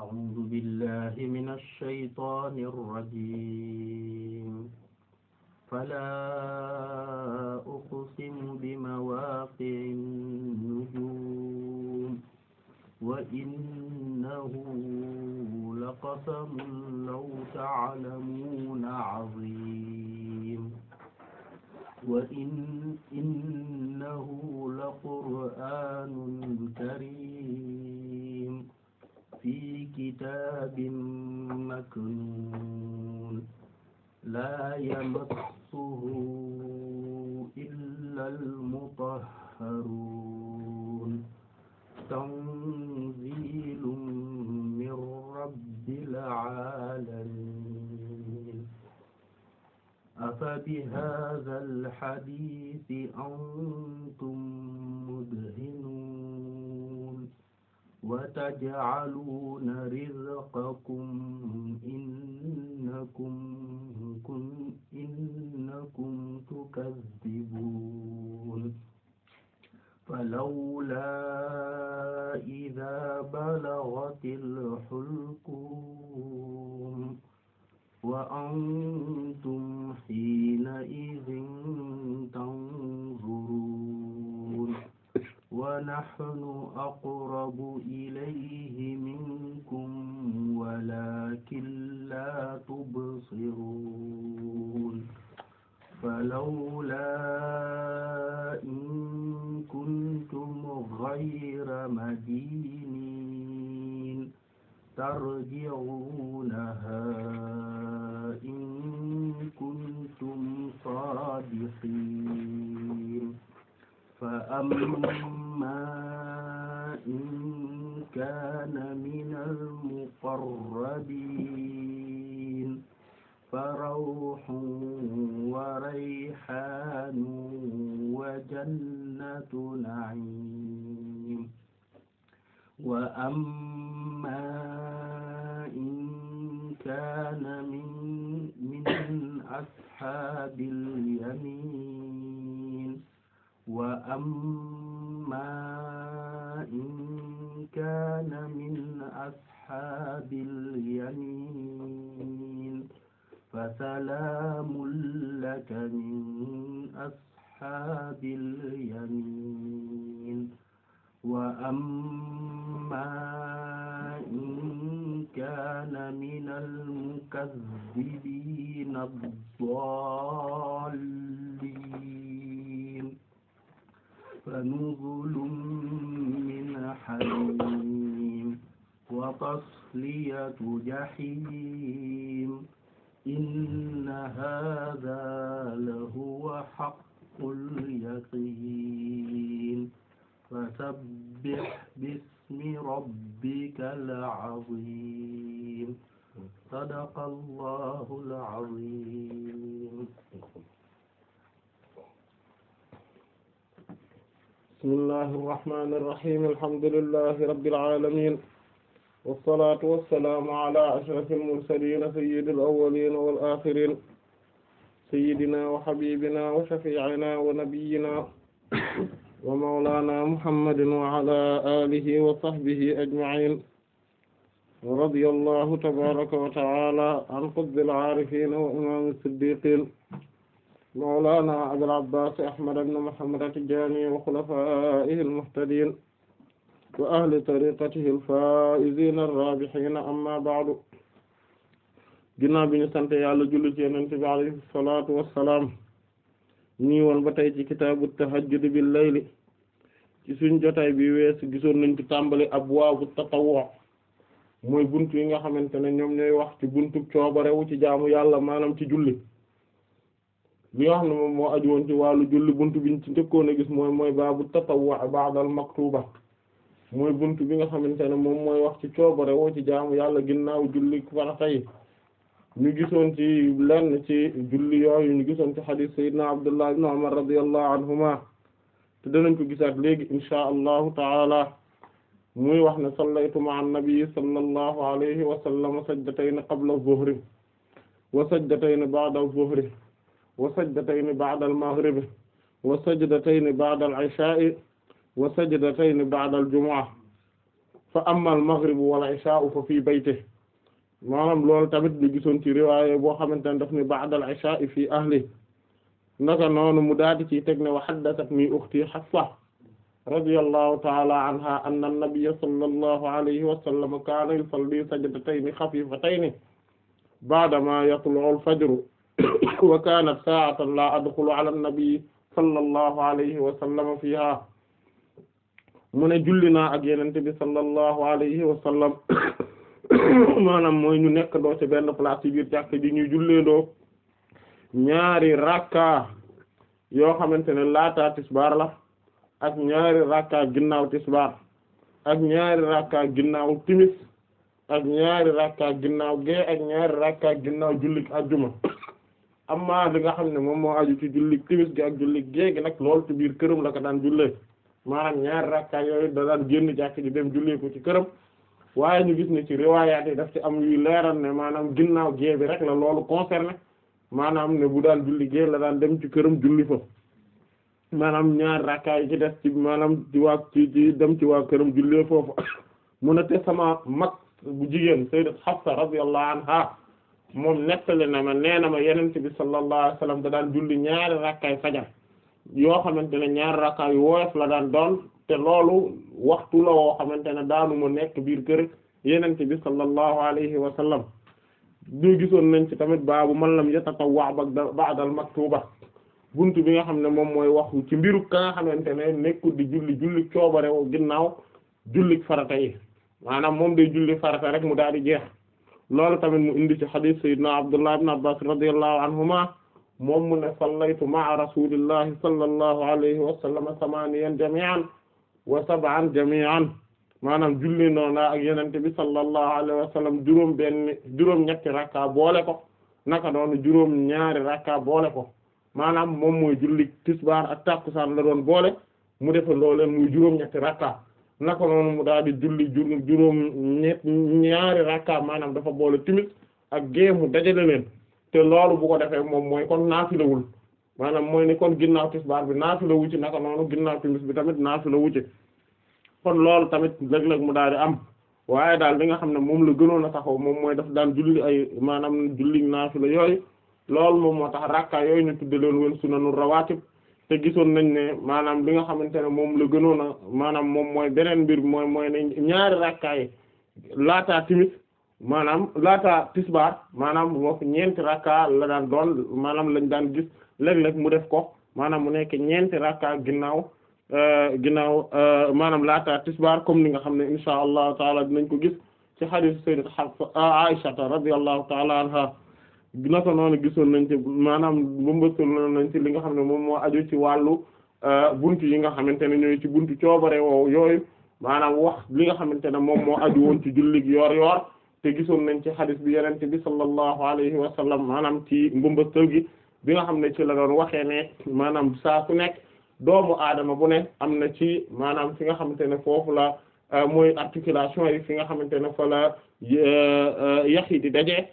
أعوذ بالله من الشيطان الرجيم فلا أقسم بمواقع النجوم وإنه لقسم لو تعلمون عظيم وإن إنه لقرآن كريم في كتاب مكنون لا يمسه إلا المطهرون تنزيل من رب العالمين أفبهذا الحديث أنتم مدهنون وتجعلون رزقكم إنكم إنكم تكذبون فلولا إذا بلغت الحلقوم وأنتم حينئذ تنظرون ونحن أقرب إليه منكم ولكن لا تبصرون فلولا إن كنتم غير مدينين ترجعونها إن كنتم صادقين فأما إما إن كان من المقربين فروح وريحان وجنة نعيم وأما إن كان من من أصحاب اليمين وأما ماء كان من أصحاب اليمين فسلام لك من أصحاب اليمين وأما إن كان من المكذبين الضالين فنزل من حميم وتصلية جحيم إن هذا لهو حق اليقين فسبح باسم ربك العظيم صدق الله العظيم bismillahi irrahmani irrahim alhamdulillahi rabbil alamin wassalatu wassalamu ala ashrafil mursalin sayyidil awwalin wal akhirin sayyidina wa habibina wa shafi'ina wa nabiyyina wa mawlana muhammadin wa ala alihi wa sahbihi ajma'in radiyallahu tabaraka wa ta'ala an qutbil arifin wa imam as-siddiqin mawlana Abul Abbaas Ahmad ibn Muhammad at-Tijaani wa xulafaa'ihi al-muhtadiin wa ahli tariqatihi al-faa'iziina ar-raabihiina amma ba'du ginnaaw bi ñu sant yàlla julli ci Yonent bi alayhi salaatu wa salaam ñi woon ba tey ci kitaabu tahajjud bil layli ci suñ bi weesu gisoon nañ ci tàmbali abwaabu tatawwu' mooy buntu yi nga xamante ne ñoom ñooy wax ci buntu rewu ci jaamu yàlla maanaam ci julli bi nga xam ne moom moo aju woon ci wàllu julli buntu biñ ci njëkkoon a gis mooy mooy baabu tatawwu ba'dal maktuba mooy buntu bi nga xamante ne moom mooy wax ci coobare woo ci jaamu yàlla ginnaaw julli farata yi ñu gisoon ci lenn ci julli yooyu ñu gisoon ci hadith sayyidina Abdullah ibn Umar radiyallahu anhuma te danañ ko gisaat léegi insha allahu taala muy wax ne sallaytu ma'a an-nabi sallallahu alayhi wa sallam sajdatayn qabla adh-dhuhri wa sajdatayn ba'da adh-dhuhri wa sajdatayni ba'da al-maghrib wa sajdatayni ba'da al-'isha'i wa sajdatayni ba'da al-jumu'a fa amma al-maghrib wal-'isha'u fa fii baytihi maanaam loolu tamit lu gisoon ci riwaaya boo xamante ne daf ni ba'da al-'isha'i fii ahlihi naka noonu mu daadi ci teg ne wa haddathatnii ukhtii Hafsa radiyallahu ta'ala anha anna an-nabiyya sallallahu alayhi wa sallam kaana yusalli sajdatayni khafiifatayni ba'da maa yatlu'u al-fajru wa kaanat saa'atan laa adxulu ala nabi sallallahu alayhi wa sallam mu ne julli na ak yenente bi sallallahu alayhi wa sallam mooy ñu nekk doo ci benn place ci biir jàkk ji ñuy doo ñaari rakka yoo xamante ne laataa tisbaar la ak ñaari rakka ginnaaw tisbaar ak ñaari rakka ginnaaw timis ak ñaari rakka ginnaaw gee ak ñaari rakka ginnaaw jullik ajjuma amma li nga xam ne moom moo aju ci julli timis gi ak julli géegi nag lool ci biir këram la ko daan jullee maanaam ñaari rakka yooyu da daan génn jàkk ji dem jullee ko ci këram waaye ñu gis ne ci riwaayaat yi daf ci am yuy leeral ne maanaam ginnaaw gée rek la loolu concerné maanaam ne bu daan julli gée la daan dem ci këram julli fa maanaam ñaari rakka yi ci des ci maanaam ci waa ci dem ci waa këram jullee foofu mu a te sama mag bu jigéen sayyidat moom nettali na ma nee na ma yenente bi sallallahu alayhi wasallam da daan julli ñaari rakkaay fajar yoo xamante ne ñaari rakkaay yu woyof la daan doon te loolu waxtu la woo xamante ne daanuma nekk biir kër yenente bi sallallahu alayhi wasallam ñu gisoon nañ ci tamit baabu man lam yatatawwa ba'dal maktuba buntu bi nga xam ne moom mooy waxu ci mbiru ka nga xamante ne nekkul di julli julli coobare ginnaaw julli farata yi maanaam moom day julli farata rek mu daal di jeex loolu tamit mu indi ci hadith sayyidina Abdullah ibn Abbas radiyallahu anhuma moom mu ne sallaytu ma'a rasulillahi sallallahu alayhi wa sallam samaniyan jami'an wa sab'an jami'an maanaam julli noona ak yenente bi sallallahu alayhi wa sallam juróom benn juróom ñetti rakka boole ko naka noonu juróom ñaari rakka boole ko maanaam moom mooy julli tisbaar ak takkusaan la doon boole mu defe looleen muy juróom ñetti rakka naka noonu mu daal di julli juróom ñett ñaari rakka maanaam dafa boole timis ak gée mu dajale te loolu bu ko defee moom mooy kon naafilawul maanaam mooy ni kon ginnaaw tisbaar bi naafilawu ci naka noonu ginnaaw timis bi tamit naafilawu ci kon loolu tamit léeg-léeg mu daal di am waaye daal li nga xam ne moom la gënoon a taxaw moom mooy daf daan julli ay maanaam julli naafila yooy loolu moom moo tax rakka yooyu ñu tudde leen woon sunanul rawaatib te gisoon nañ ne maanaam li nga xamante ne moom la gënoon a maanaam moom mooy beneen mbir mooy mooy ne ñaari rakkaay laataa timis maanaam laataa tisbaar maanaam moom ñeenti rakka la daan doon maanaam lañ daan gis mu def ko maanaam mu nekk ñeenti rakka ginnaaw euh, ginnaaw euh, maanaam laataa tisbaar comme li nga xam ne insha allahu taala dinañ ko gis ci hadith sayyidat Aisha radiyallahu taala anha naka noonu gisoon nañ ci maanaam bëmbëstaloo nañ ci li nga xam ne moom moo aju ci wàllu euh, buntu yi nga xamante ne ñooy ci buntu coobare woow yooyu maanaam wax li nga xamante ne moom moo aju woon ci jullig yoor yoor te gisoon nañ ci xadis bi yenente bi sallallahu alayhi wa sallam maanaam ci mbëmbëstal gi bi nga xam ne ci la doon waxee ne maanaam saa su nekk doomu aadama bu ne am na ci maanaam fi nga xamante ne foofu la euh, mooy articulation yi fi nga xamante ne fa la euh, yax di daje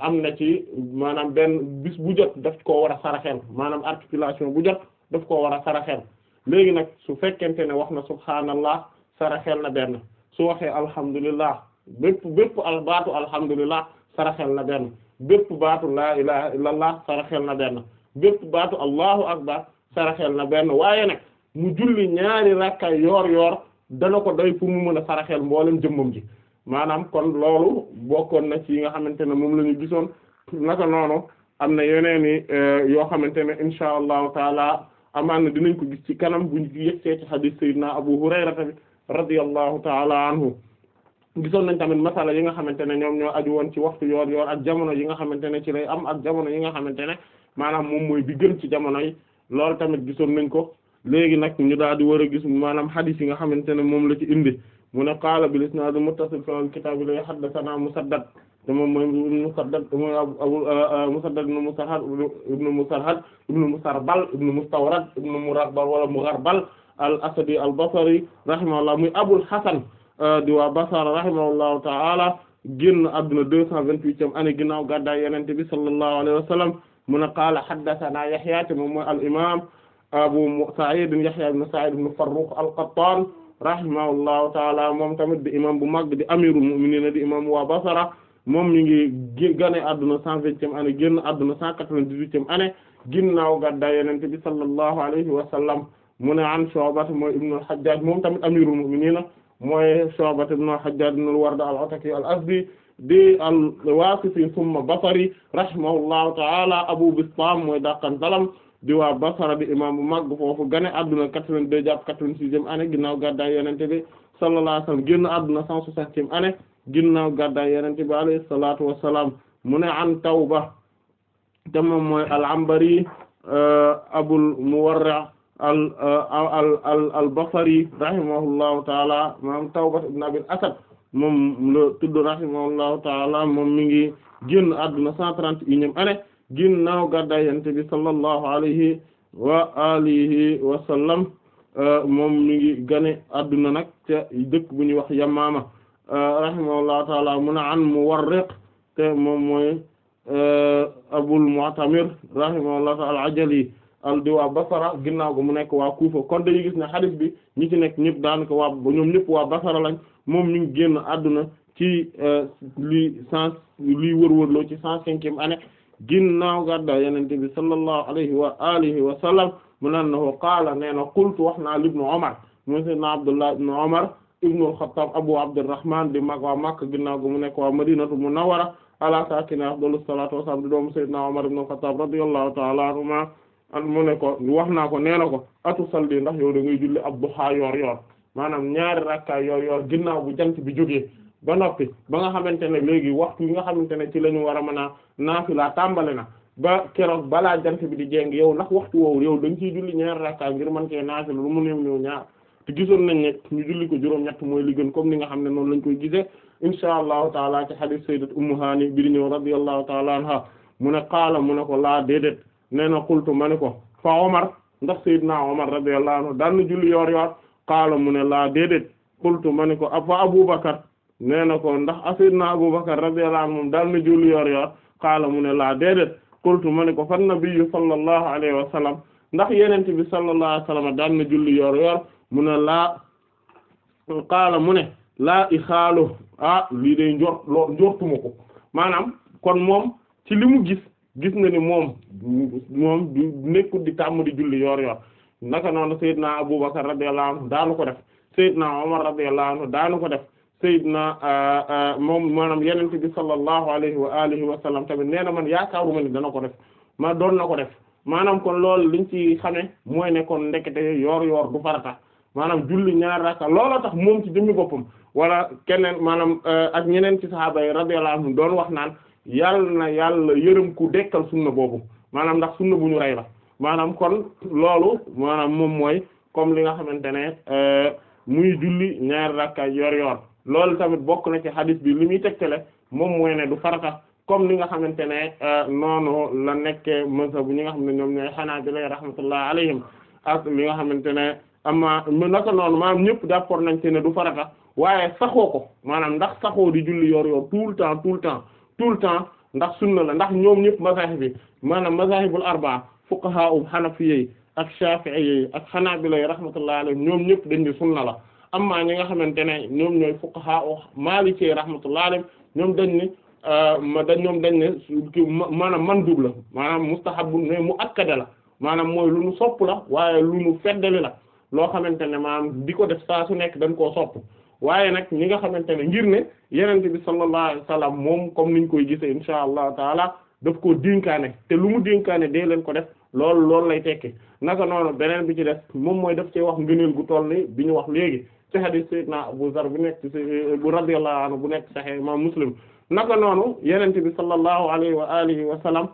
am na ci maanaam benn bis bu jot daf koo war a saraxel maanaam articulation bu jot daf koo war a saraxel léegi nag su fekkente ne wax na subhaanallah saraxel na benn su waxee alhamdulillah bépp bépp al baatu alhamdulillah saraxel na benn bépp baatu laa ilaha illallah saraxel na benn bépp baatu allahu akbar saraxel na benn waaye nag mu julli ñaari rakka yoor yoor dana ko day pour mu mën a saraxeel mboolem jëmmam ji maanaam kon loolu bokkoon na ci yi nga xamante ne moom la gisoon naka noonu am na yeneen i eh, yoo xamante ne insha allahu taala amaan na dinañ ko gis ci kanam buñ yegsee ci hadis sayyidina Abu Hurayra tamit radiyallahu taala anhu nañ tamit masala yi nga xamante ne ñoom ñoo aju woon ci waxtu yoor ak jamono yi nga xamante ne ci lay am ak jamono yi nga xamante ne maanaam moom moy bi ci jamono yi loolu tamit gisoon nañ ko léegi nag ñu daal di war a gis maanaam hadis yi nga xamante ne moom la ci indi mu ne qaala bil isnaad al muttasil fil kitaab li haddathana Musaddad te moom mooy ibn Musaddad mooy abu Musaddad ibn Musarhad ibn Musarhad ibn Musarbal ibn Mustawrad ibn Murarbal wala Mugharbal al asadi al basri rahimahullah muy Abul Hasan euh, di waa Basra rahimahullahu ta'ala génn àdduna deux cent vingt-huitième année ginnaaw gàddaay Yonent bi sallallahu alayhi wa sallam mu ne qaala haddathana Yahya te moom mooy al imaam Abu Sa'id Yahya ibn Sa'id ibn Farrukh al-Qattan rahimahullahu taala moom tamit di imam bu mag di amirul mu'minin di imam waa Basra moom mi ngi gane adduna cent vingtième année génn adduna cent quatre-vingt-dix-huitième année ginnaaw gadda yenente bi sallallahu alayhi wa sallam mu ne an Shu'bata mooy ibnu al-Hajjaj moom tamit amirul mu'minin mooy Shu'bata ibnu al-Hajjaj ibnu al-Warda al-Ataki al-Azdi di al-Wasiti thumma Basri rahimahullahu taala Abu Bistam mooy dàqan dalam di waa Basra di imam bu mag foofu gane adduna quatre-vingt-deux jàpp quatre-vingt-sixième année ginnaaw gàddaay yonent bi sallallahu alayhi wa adduna cent soixantième année ginnaaw gàddaay yonent bi alayhi salaatu wa salaam mu ne an Tawba te moom mooy al-Anbari euh, Abul Muwarri' euh, al al al al Basri rahimahullahu taala maanaam Tawba mi ngi génn adduna cent trente et unième ginnaaw gàddaay yonent bi sallallahu alayhi wa alihi wa sallam euh, moom mi ngi gane adduna nag ca dëkk bu ñuy wax Yamaama euh, rahimahullahu taala mu a an Muwarriq te moom mooy euh, Abul Mu'tamir rahimahullahu taala al-Ajali al wa waa Basara ginnaaw ko mu nekk waa Kufa kon dañuy gis ne xadis bi ñu ci nekk ñëpp daanaka waa ñoom ñëpp wa Basara lañ moom ñu génn àdduna ci luy cent luy wërwërloo ci cent cinquième année ginnaaw gàddaay yonent bi sallallahu alayhi wa alihi wa sallam mu nan na ko qaala nee na qultu wax naa ibnu Umar mu sayyidina Abdullah ibnu Umar ibnu al-Khattab Abu Abdurrahman di mag wa Makka ginnaaw gu mu nekk waa Madinatu Munawwara ala saakinihaa afdalu salaatu wa salaam di doomu sayyidina Umar ibnu al-Khattab radiyallahu ta'ala anhuma an mu ne ko wax naa ko nee na ko atusalli ndax yow da ngay julli ad-duha yor yor maanaam ñaari rakka yor yor ginnaaw bu jant bi jógee ba noppi ba nga xamante ne léegi waxtu yi nga xamante ne ci la ñu war a mën a naafila tàmbale na ba keroog balaa jant bi di jéng yow ndax waxtu woowu yow da nga julli ñaar rakka ngir mën cee naafila lu mu néew néew ñaar te gisoon nañ ne ñu julli ko juróom-ñett mooy liggéen gën comme ni nga xam ne noonu lañ koy gisee insha allahu taala ci hadith sayyidat ummu hani bi di ñëw radiyallahu taala anha mu ne qaala mu ne ko laa déedéet nee na qultu ma ne ko fa omar ndax sayyidna omar radiyallahu anhu daan na julli yoor yoor mu ne laa déedéet qultu ma ne ko fa abubakar nee na ko ndax asidna Abubakar radiyallahu anhu moom daal na julli yor yor xaala mu ne laa déedéet qultu ma ne ko fan nabiyyu sallallahu alayhi wa sallam ndax yenent bi sallallahu alayhi wa sallam daal na julli yor yor mu ne laa xaala mu ne laa ixaalu ah lii de njort loo njortuma ko maanaam kon moom ci limu mu gis gis na ni moom moom du di tàmm di julli yor yor naka noonu Seydina Abubakar radiyallahu anhu daanu ko def Seydina Umar radiyallahu anhu daanu ko def na moom maanaam yenente bi sallallahu alayhi wa alihi wa sallam tamit nee na man yaakaaruma ni dana ko def ma doon na ko def maanaam kon loolu liñ ci xame mooy ne kon ndekete yoor yoor du farata maanaam julli ñaar rakka looloo tax moom ci jëmmi boppam wala keneen maanaam ak ñeneen ci sahaaba yi radiyallahu anhum doon wax naan yàlla na yàlla yërëm ku dekkal sunna boobu maanaam ndax sumna bu ñu rey la maanaam kon loolu maanaam moom mooy kom li nga xamante ne muy julli ñaar rakka yor yor loolu tamit bokk na ci hadith bi mi teg muy tegtale moom mooy ne du farata comme li nga xamante ne euh, noonu la nekkee mësa bu ñi nga xam ne ñoom ñooy Hanaabila rahmatullah alayhim ak li nga xamante ne ama naka noonu maanaam ñëpp d'accord nañ ci ne du farata waaye saxoo ko maanaam ndax saxoo di julli yor yor tout le temps tout le temps tout le temps ndax sunna la ndax ñoom ñëpp mazahib bi maanaam mazahibul arbaa fuqaha um hanafi yi ak shafi'i yi ak hanaabila rahmatullah alayhim ñoom ñëpp dañ ne sunna la am amma ñi nga xamante ne ñoom ñooy fuqaha o maliki rahmatullahi alayhim ñoom dañ ne ma euh, dañ ñoom dañ ne maanaam man mandub la maanaam mustahabbu ne mu akkada la maanaam mooy lu nu sopp la waaye lu nu feddali la loo xamante ne maanaam di ko def saa su nekk dañ koo sopp waaye nag ñi nga xamante ne ngir ne yenent bi sallallahu alayhi salaam moom comme ñu koy gisee insha allah taala daf koo dinkaane te lu mu dénkaane dee leen ko def loolu loolu lay tekki naka noonu beneen bi ci def moom mooy daf cee wax ngëneel gu toll ni bi ñu wax léegi ci hadith sayyidina Abu Zar bu nekk bu radiyallahu anhu bu nekk sahih imam Muslim naka noonu yonent bi sallallahu alayhi wa alihi wa salaam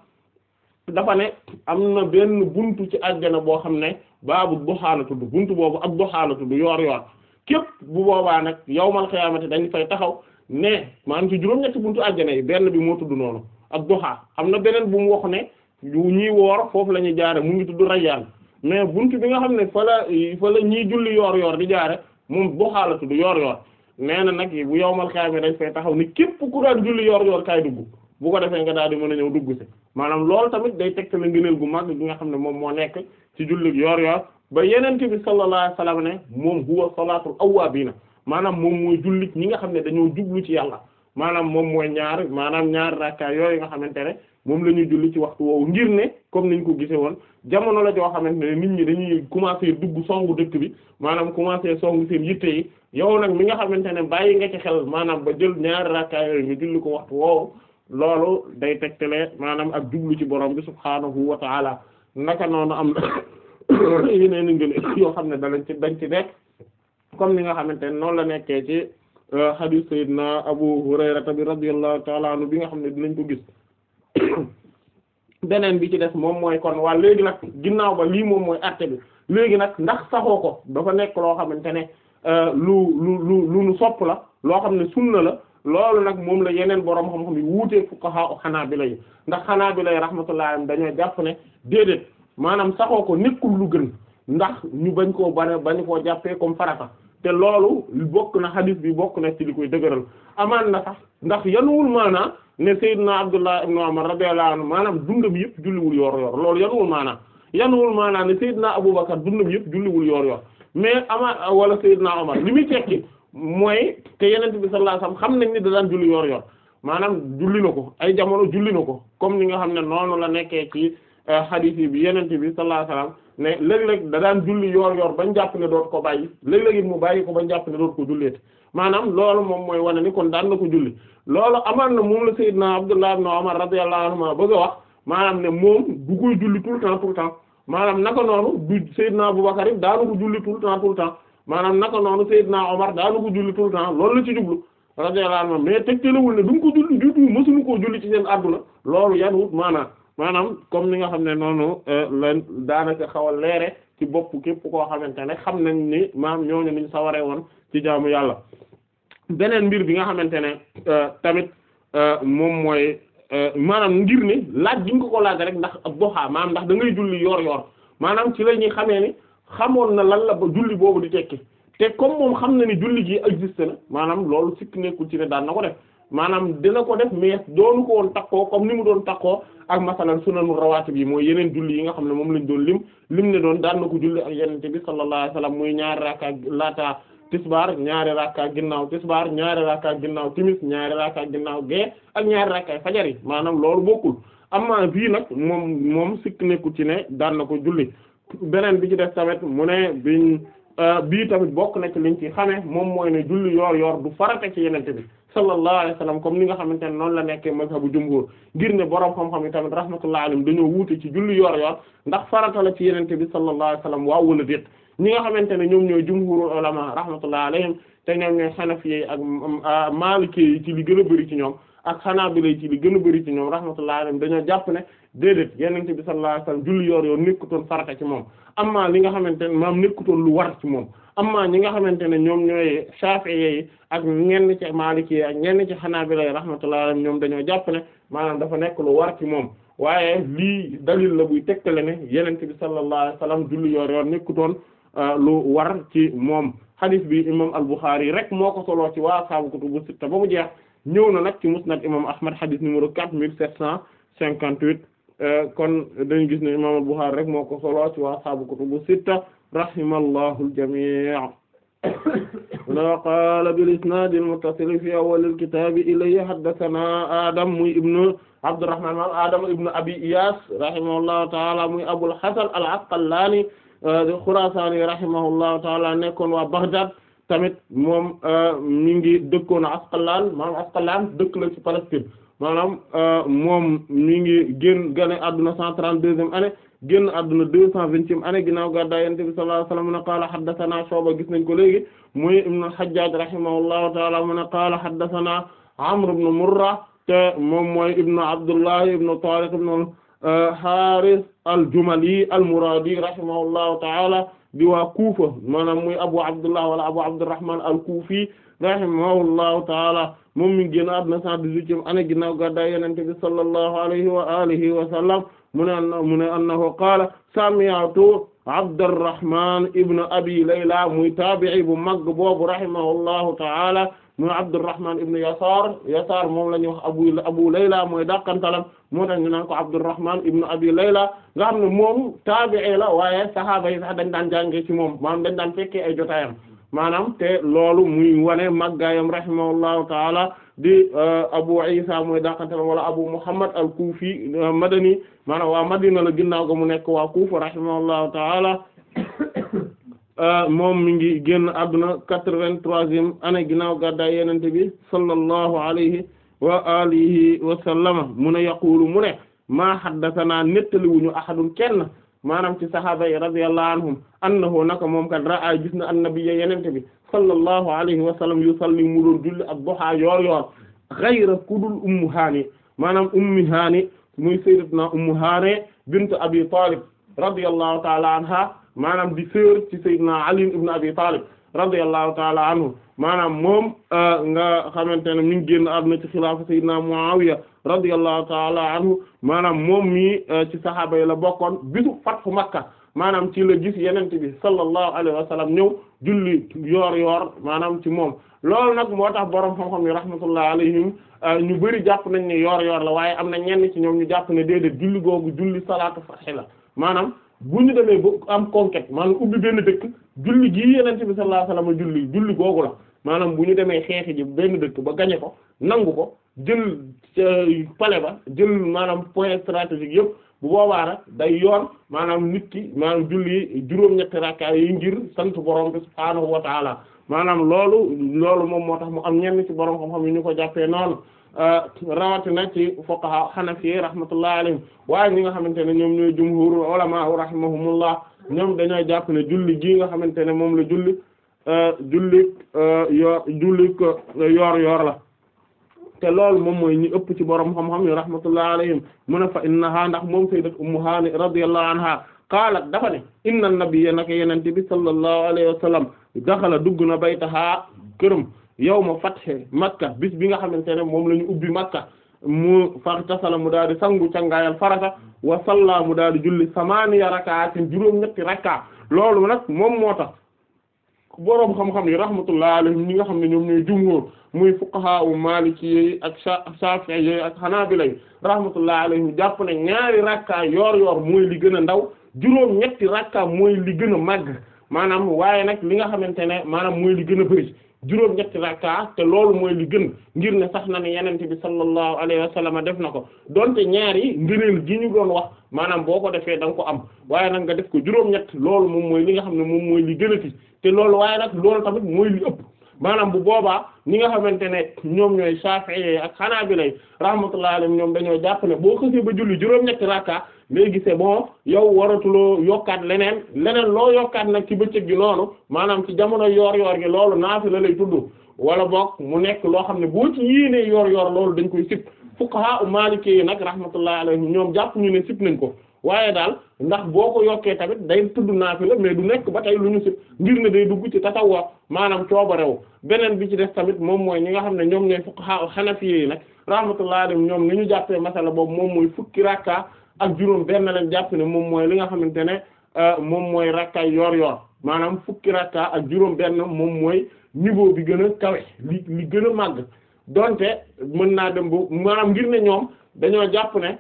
dafa ne am na benn buntu ci àjjana boo xam ne baabu duhaa la tudd buntu boobu ak duhaa la tudd yor-yor képp bu boobaa nag yawmal qiyaamati dañ fay taxaw ne maanaam ci juróom-ñetti buntu àjjana yi benn bi moo tudd noonu ab duhaa am na beneen bu mu wax ne yu ñuy woor foofu la ñuy jaare mu ngi tudd Rayyaan mais buntu bi nga xam ne fa la fa la ñiy julli di jaare moom duhaa la tudd yor-yor nee na nag bu yowmal xiyaama dañ fay taxaw ni képp ku daan julli yor-yor kaay dugg bu ko defee nga daal di mën a ñëw dugg si maanaam loolu tamit day tegtale ngëneel gu mag gi nga xam ne moom moo nekk ci julli yoor yor ba yeneen bi sallallahu alayhi wasallam ne moom huwa salaatul awwaabiina maanaam moom mooy jullit ñi nga xam ne dañoo jublu ci yàlla maanaam moom mooy ñaar maanaam ñaar rakka yooyu nga xamante ne moom la ñuy julli ci waxtu woowu ngir ne comme niñ ko gisee woon jamono la joo xamante ne nit ñi dañuy commencer dugg songu dëkk bi maanaam commencer songu seen yitte yi yow nag mi nga xamante ne bàyyi nga ci xel maanaam ba jël ñaari rakkaay yooyu nga julli ko waxtu woowu loolu day le maanaam ak jublu ci borom bi subhaanahu wa ta'ala naka noonu am na yeneen i ngëneel yoo xam ne dalañ ci dañ ci nekk comme ni nga xamante ne noonu la nekkee ci euh, hadith sayyidina Abu Hurayra bi radiyallahu ta'ala anhu bi nga xam ne dinañ ko gis. beneen bi ci des moom mooy kon waa léegi nag ginnaaw ba lii moom mooy àtte bi léegi nag ndax saxoo ko dafa nekk loo xamante ne euh, lu lu lu lu nu sopp la loo xam ne sunna la loolu nag moom la yeneen boroom xam-xam yi wuutee fuqaha xanaa xanaabila lay ndax xanaabila yi rahmatullahi dañoo jàpp ne déedéet maanaam saxoo ko nekkul lu gën ndax ñu bañ koo bane bañ koo jàppee comme farata te loolu bokk na xadiis bi bokk na ci li koy dëgëral amaan na sax ndax yanuwul maanaa ne Seydina Abdullah ibn Umar radiyallahu anhu maanaam dundam yëpp julliwul yor-yor loolu yanuwul maanaam yanuwul maanaam ne Seydina Abubakar dundam yëpp julliwul yor-yor mais ama wala naa Umar li muy tekki mooy te Yonent bi sallallahu alayhi wasallam xam nañ ni da daan julli yor-yor maanaam julli na ko ay jamono julli na ko comme ni nga xam ne noonu la nekkee ci euh, hadith yi bi Yonent bi sallallahu alayhi wasallam ne léeg-léeg da daan julli yor-yor bañ jàpp ne doot ko bàyyi léeg mu bàyyi ko bañ jàpp ne doot maanaam loolu moom mooy wane ni kon daan na ko julli loolu amaan na moom la Seydina Abdullah ibn Umar radiyallahu anhuma bëgg a wax maanaam ne moom du koy julli tout le temps tout le temps maanaam naka noonu du Seydina Abubakar it daanu ko julli tout le temps tout le temps maanaam naka noonu Seydina Omar daanu ko julli tout le temps loolu ci jublu radiyallahu anhuma mais tegtalewul ne du nga ko julli du du mësuñu koo julli ci seen àdduna loolu yan wut maanaam maanaam comme ni nga xam ne noonu euh, lan daanaka xaw a leere ci bopp képp koo xamante ne xam nañ ni maam ñooñu niñ sawaree woon ci jaamu yàlla beneen mbir bi nga xamante ne euh, tamit euh, moom mooy euh, maanaam ngir ne laaj bi nga ko laaj rek ndax ab doxaa maanaam ndax da ngay julli yor-yor maanaam ci la ñuy xamee ni xamoon na lan la ba julli boobu di tekki te comme moom xam na ni julli gi existe na maanaam loolu sikk nekkul ci ne daan na ko def maanaam dina ko def mais doonu ko woon takkoo comme ni mu doon takkoo ak masalan sunanu rawaatib bi mooy yeneen julli yi nga xam ne moom lañ doon lim lim ne doon daan na ko julli ak yenente bi sallallahu alayhi muy ñaari raaka laata tisbaar ñaari rakka ginnaaw tisbaar ñaari rakka ginnaaw timis ñaari rakka ginnaaw gee ak ñaari rakka fajar yi maanaam loolu bokkul amma bii nag moom moom sikk nekku ci ne daan na ko julli beneen bi ci def tamit mu ne biñ euh, bii tamit bokk na ci liñ ci xamee moom mooy ne julli yoor yoor du farata ci yenente bi sallallahu alayhi comme ni nga xamante ne noonu la nekkee mazhabu jumhur ngir ne boroom xam-xam yi tamit rahmatullahi alayhim dañoo wuute ci julli yoor yoor ndax ci yenente bi sallallahu alayhi wa sallam waaw wala déet ñi nga xamante ne ñoom ñooy jumhurul ulama rahmatullah alayhim te ñoom ñooy xanafiye ak ah, maliki yi ci li gën a bëri ci ñoom ak xanaabila yi ci li gën a bëri ci ñoom rahmatullah alayhim dañoo jàpp ne déedéet yonent bi sallallahu alayhi wasallam julli yoor yoon ci moom amma li nga xamante ne maam nekkutoon lu war ci moom amma ñi nga xamante ne ñoom ñooy Shafi'i yi ak ñenn ci Maliki yi ak ñenn ci Hanabila rahmatullahi alayhim ñoom dañoo jàpp ne maanaam dafa nekk lu war ci moom waaye lii dalil la buy tegtale ne yonent bi sallallahu alayhi wasallam julli yoor yoon nekkutoon Euh, lu war ci moom hadith bi imam al-Bukhari rek moo ko solo waa saabu kutubu sitta ba mu jeex a na nag ci musnad imam Ahmad hadith numéro quatre mille sept cent cinquante-huit euh, kon dañu gis ne imam al-Bukhari rek moo ko solo ci waa saabu kutubu sitta rahimallahu al-jami' wa qaala bil-isnaad al-muttasil fi awwal al-kitaab ilayhi haddathanaa Adam muy ibnu Abdurrahmaan Adam ibnu Abi muy Abul Hasan al-Asqalaani Xurasaani rahimahullahu taala nekkoon waa Baghdad tamit moom euh, mi ngi dëkkoon Asqalaan maanaam Asqalaan dëkk la ci Palestine maanaam euh, moom mi ngi génn gane adduna cent trente-deuxième année génn adduna deux cent vingtième année ginnaaw gàddaay Yonent bi sallallahu alayhi wa qaala haddasanaa Shu'ba gis nañ ko léegi muy ibn Hajjaaj rahimahullahu taala mu ne qaala haddasanaa Amr ibn Murra te moom mooy ibn Abdullah ibn Tariq ibn haaris al-Jumali al-Muradi rahimahullahu ta'ala di waa Kuufa maanaam muy Abu Abdullah wala Abu Abdurrahman al-Kufi rahimahullahu ta'ala moom mi ngi génn àdduna 118e année ginnaaw gàddaay Yonent bi sallallahu alayhi wa alihi wa sallam mu ne mu ne annahu qaala sami'tu Abdurrahman ibn Abi Layla muy taabi'i bu mag boobu rahimahullahu ta'ala mooy Abdurrahman ibn Yasaar Yasaar moom la ñuy wax Abu Abu Layla mooy dàqantalam moo tax ñu naan ko Abdurrahman ibn Abi Layla nga xam ne moom taabi'i la waaye saxaaba yi sax dañ daan jàngee ci moom maanaam dañ daan fekkee ay jotaayam maanaam te loolu mu wane màggaayam rahimahullahu taala di uh, Abu Isa mooy dàqantalam wala Abu Muhammad al-Kufi uh, madani maanaam waa Madina la ginnaaw ga mu nekk waa Kufa rahimahullahu taala Euh, moom mi ngi génn àdduna quatre-vingt-troisième année ginnaaw gàddaay yenente bi sallallahu alayhi wa alihi wa sallama mu ne yaqulu mu ne maa haddasanaa nettaliwuñu ahadun kenn maanaam ci sahaaba yi radiyallahu anhum annahu naka moom kat ra'a gis na annabiyya yenente bi sallallahu alayhi wa sallam yusalli mu doon julli ad-duha yoor yoor ghayra kudul ummu haani maanaam ummi haani muy sayyidatuna ummu haani bint abi talib radiyallahu ta'ala anha maanaam di sœur ci Seydina Ali ibn Abi Talib radiyallahu ta'ala anhu maanaam moom euh, nga xamante ne mi ngi génn àdduna ci xilaafa Seydina Muawiya radiyallahu ta'ala anhu maanaam moom mii euh, ci saxaaba yi la bokkoon bisu fatfu Makka maanaam ci la gis yenent bi sallallahu alayhi wa sallam ñëw julli yoor yoor maanaam ci moom loolu nag moo tax boroom xam-xam yi rahmatullah alayhim euh, ñu bëri jàpp nañ ne yoor yoor la waaye am na ñenn ci ñoom ñu jàpp na déedéet julli googu julli salaatu fatxi la maanaam bu ñu demee ba am conquête maanaam ubbi benn dëkk julli gii yenente bi sallallahu alayhi wasallam julli julli googu la maanaam bu ñu demee xeexi ji benn dëkk ba gañe ko nangu ko jël euh, pale ba jël maanaam point stratégique yëpp bu boobaa nag day yoon maanaam nit ki maanaam julli juróom-ñetti rakka yi ngir sant borom bi subhaanahu wa taala maanaam loolu loolu moom moo tax mu am ñenn ci borom xam-xam yi ñu ko jàppee noonu Euh, rawatina ci fuqaha xanafi rahmatullahi alayhim waaye ñi nga xamante ne ñoom ñooy jumhurul ulama rahimahumullah ñoom dañoo jàpp ne julli gii nga xamante ne moom la julli euh, julli euh, yor julli yor yor la te lool moom mooy ñi ëpp ci borom xam-xam yi rahmatullahi alayhim mu ne fa ndax moom sayyidat ummu hani radiyallahu anha qaalat dafa ne inna nabiyya naka yenente bi sallallahu alayhi wa daxala dugg na baytaha kërëm yawma mat makka bis bi nga xamante ne moom lañu ñu ubbi makka mu fartasala mu daal di sangu cangaayal farata wa salla mu daal di julli samaaniya rakaatin juróom-ñetti loolu nag moom moo tax boroom xam-xam yi rahmatullah alayhim ñi nga xam ne ñoom ñooy jumhur muy fuqaha u maliki yi ak shafi'i yi ak hanabila yi rahmatullah alayhim jàpp ne ñaari rakka yoor yoor mooy li gën a ndaw juróom-ñetti rakka mooy li gën a màgg maanaam waaye nag li nga xamante ne maanaam mooy li gën a juróom ñetti rakka te loolu mooy li gën ngir ne sax na ne yenente bi sallallahu alayhi wa salaama def na ko donte ñaari yi ngëneel ñu doon wax maanaam boo ko defee da ko am waaye nag nga def ko juróom ñett loolu moom mooy li nga xam ne moom mooy li gënati te loolu waaye nag loolu tamit mooy li ëpp maanaam bu boobaa ñi nga xamante ne ñoom ñooy Shafi'i ak Hanabila rahmatullahi alayhim ñoom dañoo jàpp ne boo xësee ba julli juróom ñetti rakka léegi c'est bon yow waratuloo yokkaat leneen leneen loo yokkaat nag ci bëccëg yi noonu maanaam ci jamono yoor yoor gi loolu la lay tudd wala boog mu nekk loo xam ne boo ci yéenee yoor yor loolu dañ koy sip fuqaha u maliki yi nag rahmatullahi alayhim ñoom jàpp ne sip nañ ko waaye daal ndax boo ko yokkee tamit day tudd naafila mais du nekk ba tey lu ñu sip ngir day dugg ci tatawwa maanaam coobarew beneen bi ci des tamit moom mooy ñi nga xam ne ñoom ñooy fuqaha u hanafi yi nag rahmatullahi alayhim ñoom ni ñu jàppee masala boobu moom mooy fukki rakka ak juróom benn lañ jàpp ne moom mooy li nga xamante ne euh, moom mooy rakkaay yor-yor maanaam fukki rakka ak juróom benn moom mooy nibo bi gën a kawe li li gën a màgg donte mën naa dem ba maanaam ngir ne ñoom dañoo jàpp ne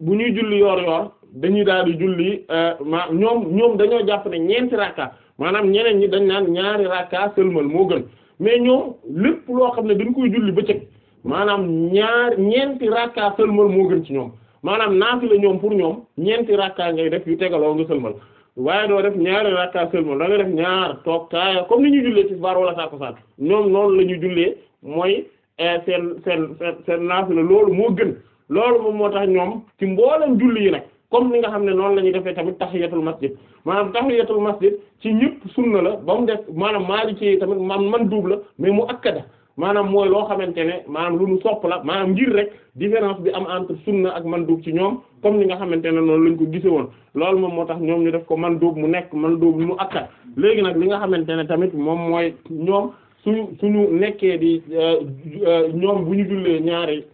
bu ñuy julli yor-yor dañuy daal di julli euh, ma ñoom ñoom dañoo jàpp ne ñeenti rakka maanaam ñeneen ñi dañ daan ñaari rakka sëlmal moo gën mais ñoom lépp loo xam ne dañ koy julli bëccëg maanaam ñaar ñeenti rakka sëlmal moo gën ci ñoom. maanaam la ñoom pour ñoom ñeenti rakka ngay def yu tegaloo nga sëlmal waaye doo def ñaari rakka sëlmal da nga def ñaar toog taaya comme ni ñuy jullee tisbaar wala tàkkusaan ñoom noonu la ñuy jullee mooy eh, seen seen seen seen naafila loolu moo gën loolu moom moo tax ñoom ci mboolem julli yi nag comme ni nga xam ne noonu la ñuy defee tamit tax tahiyatul masjid maanaam tahiyatul masjid ci ñëpp sunna la ba mu def maanaam maaliki yi tamit man man duub la mais mu akkada maanaam mooy loo xamante ne maanaam lu ñu sopp la maanaam ngir rek différence bi am entre na ak mandub ci ñoom comme li nga xamante ne noonu lañ ko gise woon loolu moom moo tax ñoom ñu def ko mandub mu nekk mandub mu akka léegi nag li nga xamante ne tamit moom mooy ñoom suñu suñu nekkee di euh, euh, ñoom bu ñu jullee ñaari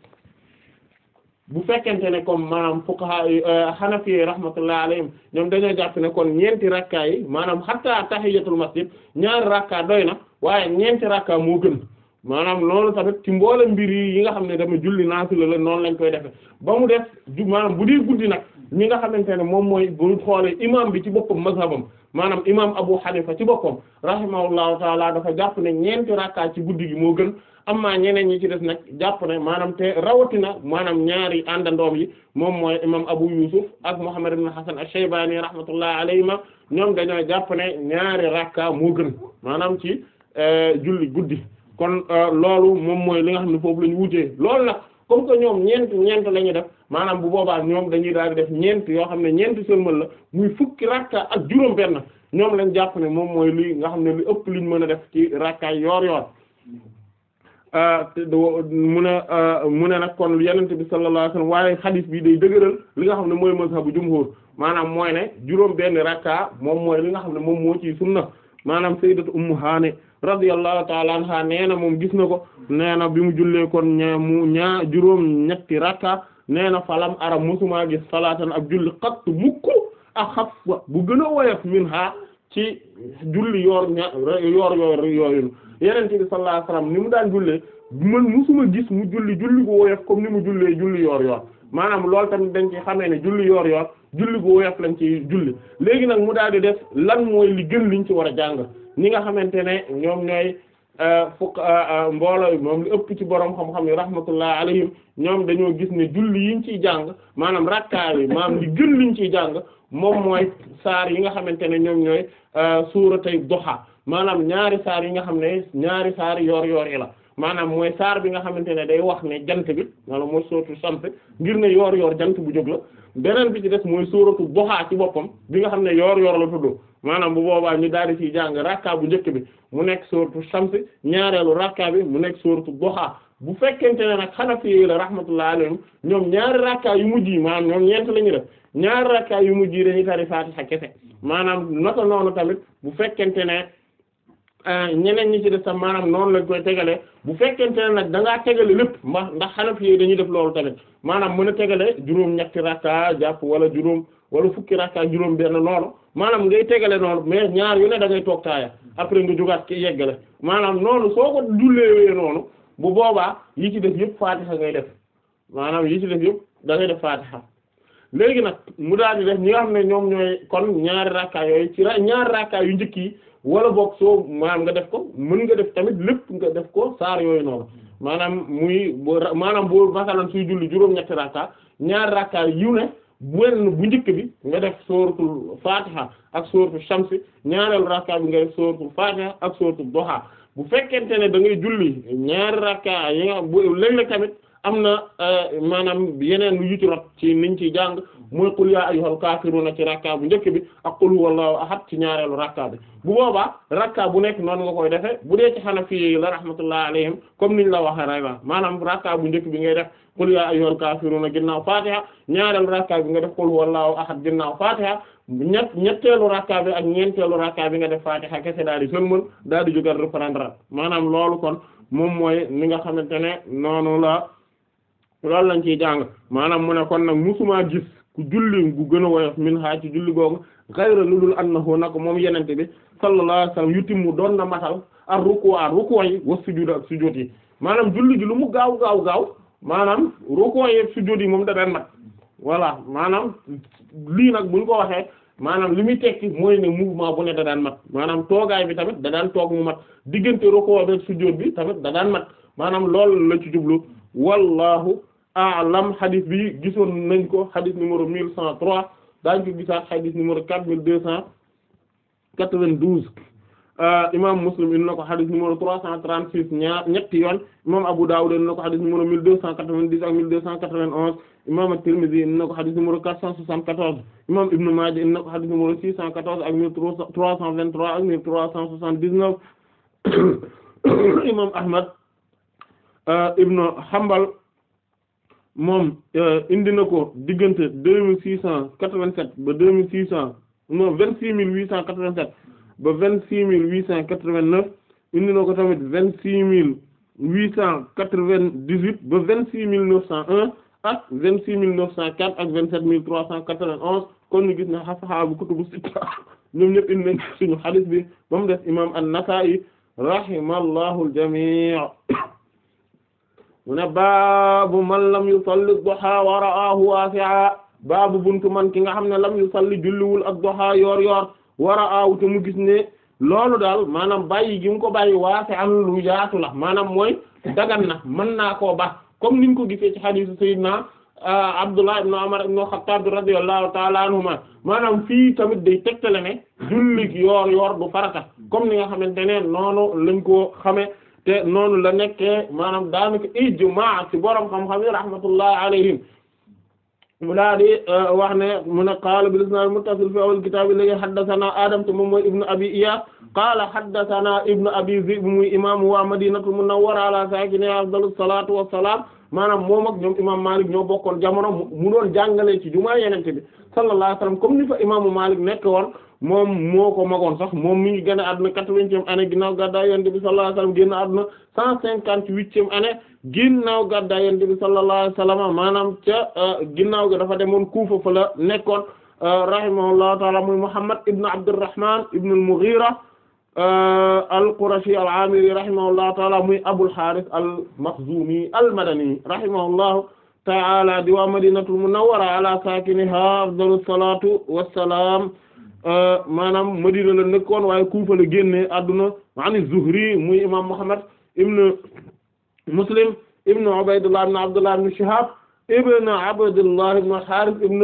bu fekkente ne comme maanaam fuqaha euh, hanafi rahmatullah alayhim ñoom dañoo jàpp ne kon ñeenti rakkaa yi maanaam hatta tahiyatul masjid ñaari rakkaa doy na waaye ñeenti rakkaa moo gën maanaam loolu tamit ci mboole mbir yi nga xam ne dama julli naafila la noonu lañ koy defe ba mu def ju bu di guddi nag ñi nga xamante ne moom mooy bu xoolee imam bi ci boppam mazhabam maanaam imam Abu Hanifa ci boppam rahimahullahu taala dafa jàpp ne ñeenti rakka ci guddi gi moo gën amma ñeneen ñi ci des nag jàpp ne maanaam te rawatina maanaam ñaari àndandoom yi moom mooy imam Abu Yusuf ak Muhammad ibn Hasan ash-Shaybani rahmatullahi alayhima ñoom dañoo jàpp ne ñaari rakka moo gën maanaam ci euh, julli guddi kon euh, loolu moom mooy li nga xam ne foofu la ñu wutee loolu nag comme que ñoom ñeent ñeent la ñuy def maanaam bu boobaa ñoom dañuy daal di def ñeent yoo xam ne ñeent sëlmal la muy fukki rakka ak juróom benn ñoom lañ jàpp ne moom mooy li nga xam ne li ëpp liñ mën a def ci rakkaay yoor yoor euh, mu ne euh, mu ne nag kon yenente bi sallallahu alayhi wasallam waaye xadis day dëgëral li nga xam ne mooy mazhabu jumhur maanaam mooy ne juróom benn rakka moom mooy li nga xam ne moom moo ci na maanaam sayyidatu ummu haani radiyallahu ta'ala anha nee na moom gis na ko nee na bi mu jullee kon mu ñaa juróom ñetti rakka nee na falam aram mosuma gis salaatan ab julli xatt mukku ak xaf bu gën a woyof min ha ci julli yoor ña yoor yoor yeneen bi sallallahu alayhi wasallam ni mu daan jullee man ni mu jullee julli yoor yoor maanaam loolu tamit dañ ci xamee ne julli yoor yoor julli gu woyof lañ ci julli léegi nag mu daal di def lan mooy li gën liñ ci war a jàng ñi nga xamante ne ñoom ñooy euh, fukk euh, euh, mbooloo moom lu ëpp ci borom xam-xam yi rahmatullah alayhim ñoom dañoo gis ne julli yiñ ciy jàng maanaam rakkaa yi maanaam li gën liñ ciy jàng moom mooy saar yi nga xamante ne ñoom ñooy suuratay duha maanaam ñaari saar yi nga xam ne ñaari saar yoor yoor yi la maanaam mooy saar bi nga xamante ne day wax ne jant bi maanaam mooy sootu samp ngir ne yoor yoor jant bu jóg la beneen bi ci des mooy suuratu duha ci boppam bi nga xam ne yoor yoor la tuddoo maanaam bu boobaa ñu daal di ciy jàng rakka bu njëkk bi mu nekk sooratu Shams ñaareelu rakka bi mu nekk sooratu Duha bu fekkente ne nag Hanafi yi la ñoom ñaari rakka yu mujj yi maanaam ñoom ñeent la ñu ñaari rakka yu mujj yi dañuy tari Fatiha kese maanaam naka noonu tamit bu fekkente ne euh, ñeneen ñi ci def tam maanaam noonu lañ koy tegale bu fekkente ne nag da ngaa tegale lépp mba ndax Hanafi yi dañuy def loolu tamit maanaam mën a tegale juróom ñetti rakka jàpp wala juróom wala fukki rakka juróom benn noonu maanaam ngay tegale noonu mais ñaar yu ne da ngay toog taaya après nga jógaat ci yeggale maanaam noonu soo ko julleewee noonu bu boobaa yi ci def yëpp faatixa ngay def maanaam yi ci def yëpp da def faatixa léegi nag mu daal di def ñi nga xam ne ñoom ñooy kon ñaari rakkaay yooyu ci ñaari rakkaay yu njëkk yi wala boog soo maanaam nga def ko mën nga def tamit lépp nga def ko saar yooyu noonu maanaam muy maanaam boo masalan suy julli juróom-ñetti rakka ñaari rakkaay yu benn bu njëkk bi nga def sóoratul fatiha ak sóoratul shamsi ñaareelu rakka bi nga def sóoratul ak sóoratul duha bu fekkente ne da ngay julli ñaari rakka yi nga xam bu léeg tamit am na euh, maanaam yeneen yu ci rot ci niñ ciy jàng mooy qul yaa ayyuhal a ci rakka bu njëkk bi ak qul huwallahu ahad ci ñaareelu rakka bi bu boobaa rakka bu nekk noonu nga koy defee bu dee ci Hanafi la rahmatullah alayhim comme niñ la waxee rek maanaam rakka bu njëkk bi ngay def qul yaa ayyuhal kaafiruuna ginnaaw fatiha ñaareelu rakka bi nga def qul huwallahu ahad ginnaaw fatiha ñett ñetteelu rakka ak ñeenteelu rakka bi nga def fatiha kese daal di sëlmal daal di jógal reprendre maanaam loolu kon moom mooy li nga xamante ne noonu la loolu lañ ciy jàng maanaam mu ne kon nag musuma gis ku julli gu gën a woyof min ha ci julli googu xayra lu dul annahu nak moom yenente bi sallallahu alayhi wasallam yutimmu doon na matal ar ruku ar ruku yi was sujuud ak maanaam julli gi lu mu gaaw gaaw gaaw maanaam rukkoo yeeg sujjóot yi moom da daan nag voilà maanaam lii nag bu buñ ko waxee maanaam li muy tekki mooy ne mouvement bu ne da daan mat maanaam toogaay bi tamit da daan toog mu mat diggante rukkoo beeg sujjóot bi tamit da daan mat maanaam loolu la ci jublu wallahu a'lam xadis bi gisoon nañ ko xadis numéro mille cent trois daañ ko gisaat xadis numéro quatre mille deux cent quatre-vingt-douze Euh, imam Muslim indi na ko xadis numéro trois cent trente six ñaar ñetti yoon imam Abu Dawud indi na ko xadis numéro mille deux cent quatre-vingt-dix ak mille deux cent quatre-vingt-onze imam At-Tirmidhi indi na ko xadis numéro quatre cent soixante-quatorze imam Ibn Maaja indi na ko xadis numéro six cent quatorze ak mille trois cent vingt-trois ak mille trois cent soixante-dix-neuf imam Ahmad euh, Ibn Hanbal moom euh, indi ko diggante deux mille six cent quatre vingt ba deux mille six cent ba vingt six mille huit cent quatre vingt neuf indi na ko tamit vingt six mille huit cent quatre vingt dix huit ba vingt six mille neuf cent un ak vingt six mille neuf cent quatre ak vingt sept mille trois cent quatre vingt onze kon ñu gis ne ashaabu kutubu sitta ñoom ñëpp indi nañ suñu xadis bi ba mu def imam an-Nasa'i rahimallahu al-jami' mu ne baabu lam yusalli ad-duha wa ra'ahu buntu man ki nga xam ne lam yusalli julliwul ad-duha yoor yoor war a aaw te mu gis ne loolu daal maanaam bàyyi gi mu ko bàyyi waase am lu yaatu la maanaam mooy dagan na mën naa ko ba comme niñ ko gisee ci hadiisu sayyidina euh, Abdullah ibn Umar ibn Khattab radiyallahu ta'ala ma maanaam fii tamit day tegtale ne jullig yoor yoor du farata comme ni nga xamante ne noonu lañ koo xame te noonu la nekkee maanaam daanaka ijmaa ci borom xam-xam yi rahmatullah alayhim mu daa di euh, wax ne mu ne qaala bil isnaad muttasil fi awal kitaab léegi haddathana Adam te moom mooy ibnu abi Iyaas qaala haddathana ibnu abi Zi'b muy imam waa Madinatul Munawwara ala saakinihaa afdalu salaatu wa salaam maanaam moom ak ñoom imam Malik ñoo bokkoon jamono mu doon jàngale ci jumaa Yonent bi sallallahu alayhi wa sallam imaamu Malik nekk moom moo ko magoon sax moom mi ngi génn àdduna quatre-vingtième année ginnaaw gàddaay yonent bi sallallahu alayhi wasallam génn àdduna cent cinquante-huitième année ginnaaw gàddaay yonent bi sallallahu alayhi wasallam maanaam ca euh, ginnaaw ga dafa demoon Kuufa fa la nekkoon euh, rahimahullahu taala muy Muhammad ibn Abdurrahman ibn al-Mughira euh, al-Qurashi al-Amiri rahimahullahu taala muy Abul Harith al-Makhzumi al-Madani rahimahullahu taala di waa Madinatul Munawwara ala saakinihaa afdalu salaatu wassalaam Euh, maanaam Madina la nekkoon waaye Kufa la génne adduna ani Zuhri muy imam Muhammad ibn Muslim ibn Ubaydullah ibn Abdullah ibn Shihab ibn Abdullah ibn Harith ibn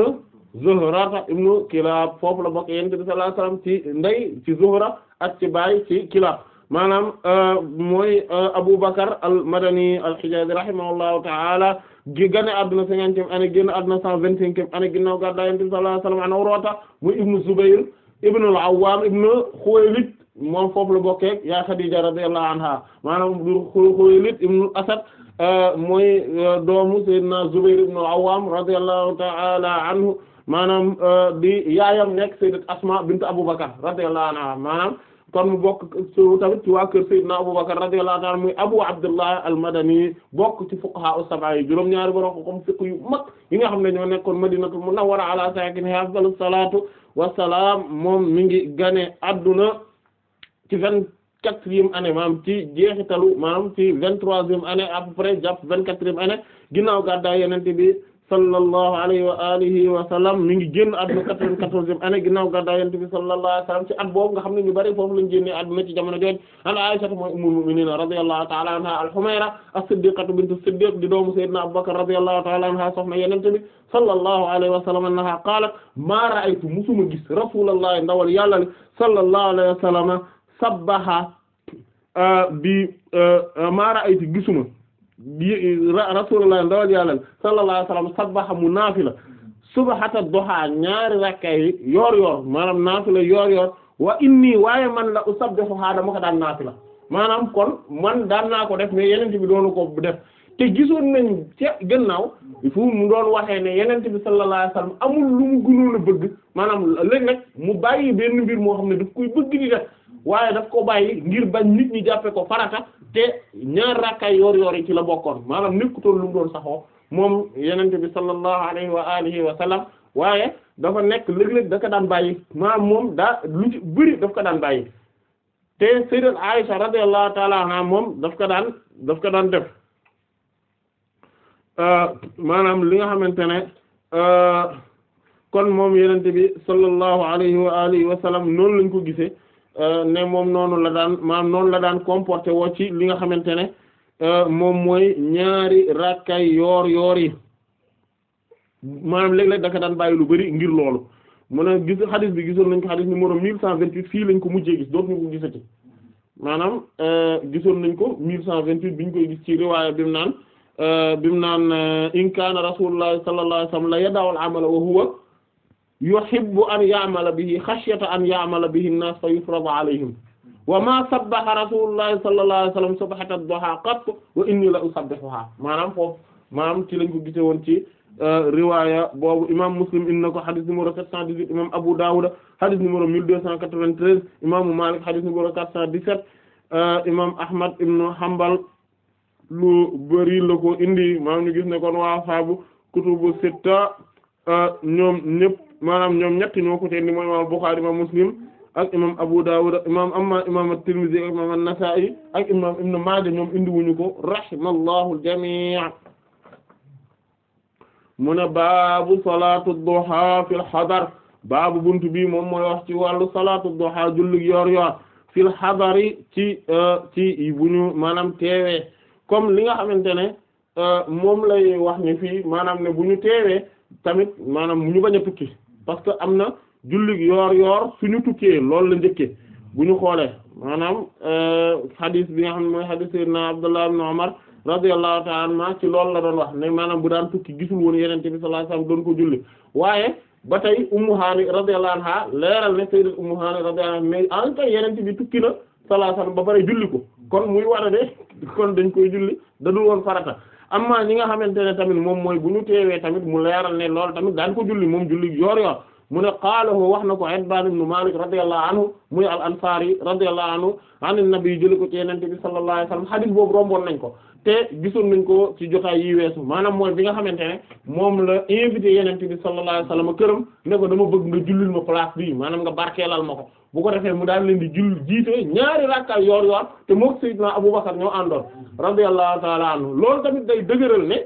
Zuhrata ibn Kilab foofu la bokk yonent bi sallallahu alayhi wasallam ci ndey ci Zuhra ak ci baay ci Kilab maanaam euh, mooy euh, Abu Bakr al-Madani al-Hijazi rahimahullahu ta'ala gi gane adduna cinquantième année génn adduna cent vingt-cinquième année ginnaaw gàddaay Yonent bi sallallahu alayhi wa sallam an Urwata muy ibnu Zubayr ibnu al-Awwam ibnu Khuwaylid moom foofu la bokkee yaa Khadija radiyallahu anha maanaam Khuwaylid ibnu Asad euh, mooy euh, doomu Seydina Zubayr ibnu al-Awwam radiyallahu ta'ala anhu maanaam euh, di yaayam nekk Sayyidat Asma bint Abu Bakr radiyallahu anha maanaam kon mu bokk su tamit ci waa kër Seydina Abubakar radiyallahu ta'ala muy Abu Abdullah al bokk ci fuqaha as-sab'a yi juróom-ñaari borom xam fiqh yu mag yi nga xam ne ñoo nekkoon Madinatul Munawwara ala sakiniha afdalu salaatu wa salaam moom mi ngi gane adduna ci vingt-quatrième année maanaam ci jeexitalu maanaam ci vingt-troisième année à peu près jàpp vingt-quatrième année ginnaaw gàddaay Yonent sallallahu alayhi wa alihi wa sallam mi ngi génn àdduna quatre-vingt-quatorzième année ginnaaw gàddaay Yonent bi sallallahu alayhi wa sallam ci at boobu nga xam ne ñu bari foofu lañu génnee àdduna ci jamono jooju an Aisha mooy ummul mu'minin radiyallahu ta'ala anha al-Humayra as-Siddiqatu bintu Siddiq di doomu Sayyidina Abu Bakr radiyallahu ta'ala anha soxna Yonent bi sallallahu alayhi wa sallam qaalat ma ra'aytu musuma gis Rasulullah ndawal Yàlla li sallallahu alayhi wa sallam sabbaha bi ma ra'aytu gisuma rasulullah ndawal yàlla sallallahu alayhi wasallam sabbaha la suba xata duha ñaari rakkay yoor yoor maanaam la yoor yoor wa inni waaye man la usabbihu ha dama ko daan la maanaam kon man daan naa ko def mais yenente bi doonu ko def te gisoon nañ ci gannaaw il faut mu doon waxee ne yenente bi sallallahu alayhi amul lu mu gënoon a bëgg maanaam léeg-léeg mu bàyyi benn mbir moo xam ne daf koy bëgg di def waaye daf ko bàyyi ngir bañ nit ñi jàppe ko farata te ñaar rakkaay yoor yoor yi ci la bokkoon maanaam nekkutoon lu mu doon saxoo moom yenente bi sallallahu alayhi wa wa sallam waaye dafa nekk léeg-léeg daan bàyyi maanaam moom daa lu daf ko daan bàyyi te sayyidat Aisha daf ko daan daf ko daan def euh, maanaam li nga xamante ne euh, kon moom yenente bi sallallahu alayhi wa alihi wa sallam noonu lañ ko gisee Euh, ne moom noonu la daan maanaam noonu la daan comporté woo ci li nga xamante ne euh, moom mooy ñaari rakkay yoor yoor yi maanaam léeg-léeg da ka daan bàyyi lu bari ngir loolu mu ne gis xadis bi gisoon nañ ko xadis numéro mille cent vingt-huit fii lañ ko mujjee gis dootuñu ko gisati maanaam euh, gisoon nañ ko mille cent vingt-huit ñu koy gis ci riwaaya bi mu naan bi mu naan in kaana rasulullahi sallallahu alayhi wasallam amala wa yuhibbu an ya'mala bihi khashyata an ya'mala bihi an-nas fa yufrada alayhim wa ma sabbaha rasulullahi sallallahu alayhi wasallam subhata ad-duha qat wa inni la usabbihuha maanaam foofu maanaam ci lañ ko gise woon ci euh, riwaya boobu imam muslim inna ko hadith numéro 718 imam abu dawud hadith numéro 1293 imaamu malik hadith numéro 417 euh, imam ahmad ibnu hanbal lu bari la ko indi maanaam ñu gis ne kon waa faabu kutubu sitta euh, ñoom ñëpp maanaam ñoom ñetti ñoo ko seen ni mooy imaam Bukhari imaam Muslim ak imaam Abu Dawud imaam amma imaam at-Tirmidhi ak imaam an-Nasa'i ak imaam Ibn Maaja ñoom indiwuñu ko rahimallahu al-jami' mu ne baabu salaatu ad-duha fil hadar baabu buntu bi moom mooy wax ci wàllu salaatu ad-duha julli yor yor fil hadari ci euh, ci bu ñu maanaam teewee comme li nga xamante ne euh, moom lay wax ni fii maanaam ne bu ñu teewee tamit maanaam mu ñu bañ a tukki parce que am na julli yoor-yoor suñu tukkee lool la njëkkee bu ñu xoolee maanaam euh, hadith bi nga xam ne mooy hadith sayyidina Abdullah ibn Umar radiyallahu ta'ala anhuma ci loolu la doon wax ne maanaam bu daan tukki gisul woon yenente bi sallallahu alayhi wasallam doon ko julli waaye ba tey Ummu Haani radiyallahu anha leeral ne sayyidat Ummu Haani radiyallahu anha mais en tout yenente bi tukki na sallallahu alayhi wasallam ba pare julli ko kon muy war kon dañ koy julli da woon farata amma ñi nga xamante ne tamit moom mooy bu ñu teewee tamit mu leeral ne loolu tamit daan ko julli moom julli yor yor mu ne qaalahu wax na ko Itbaan ibn Maalik radiyallahu anhu muy al ansaari radiyallahu anhu an nabi jëli ko ci yenente bi sallallahu alayhi wasallam hadith boobu romboon nañ ko te gisoon nañ ko ci jotaay yi weesu maanaam mooy bi nga xamante ne moom la invité yenente bi sallallahu alayhi wasallam këram ne ko dama bëgg nga jullil ma place bi maanaam nga barkeelal ma ko bu ko defee mu daal leen di jul jiite ñaari rakka yoor yoor te mook Seydina Abubakar ñoo àndoon radiyallahu ta'ala anhu loolu tamit day dëgëral ne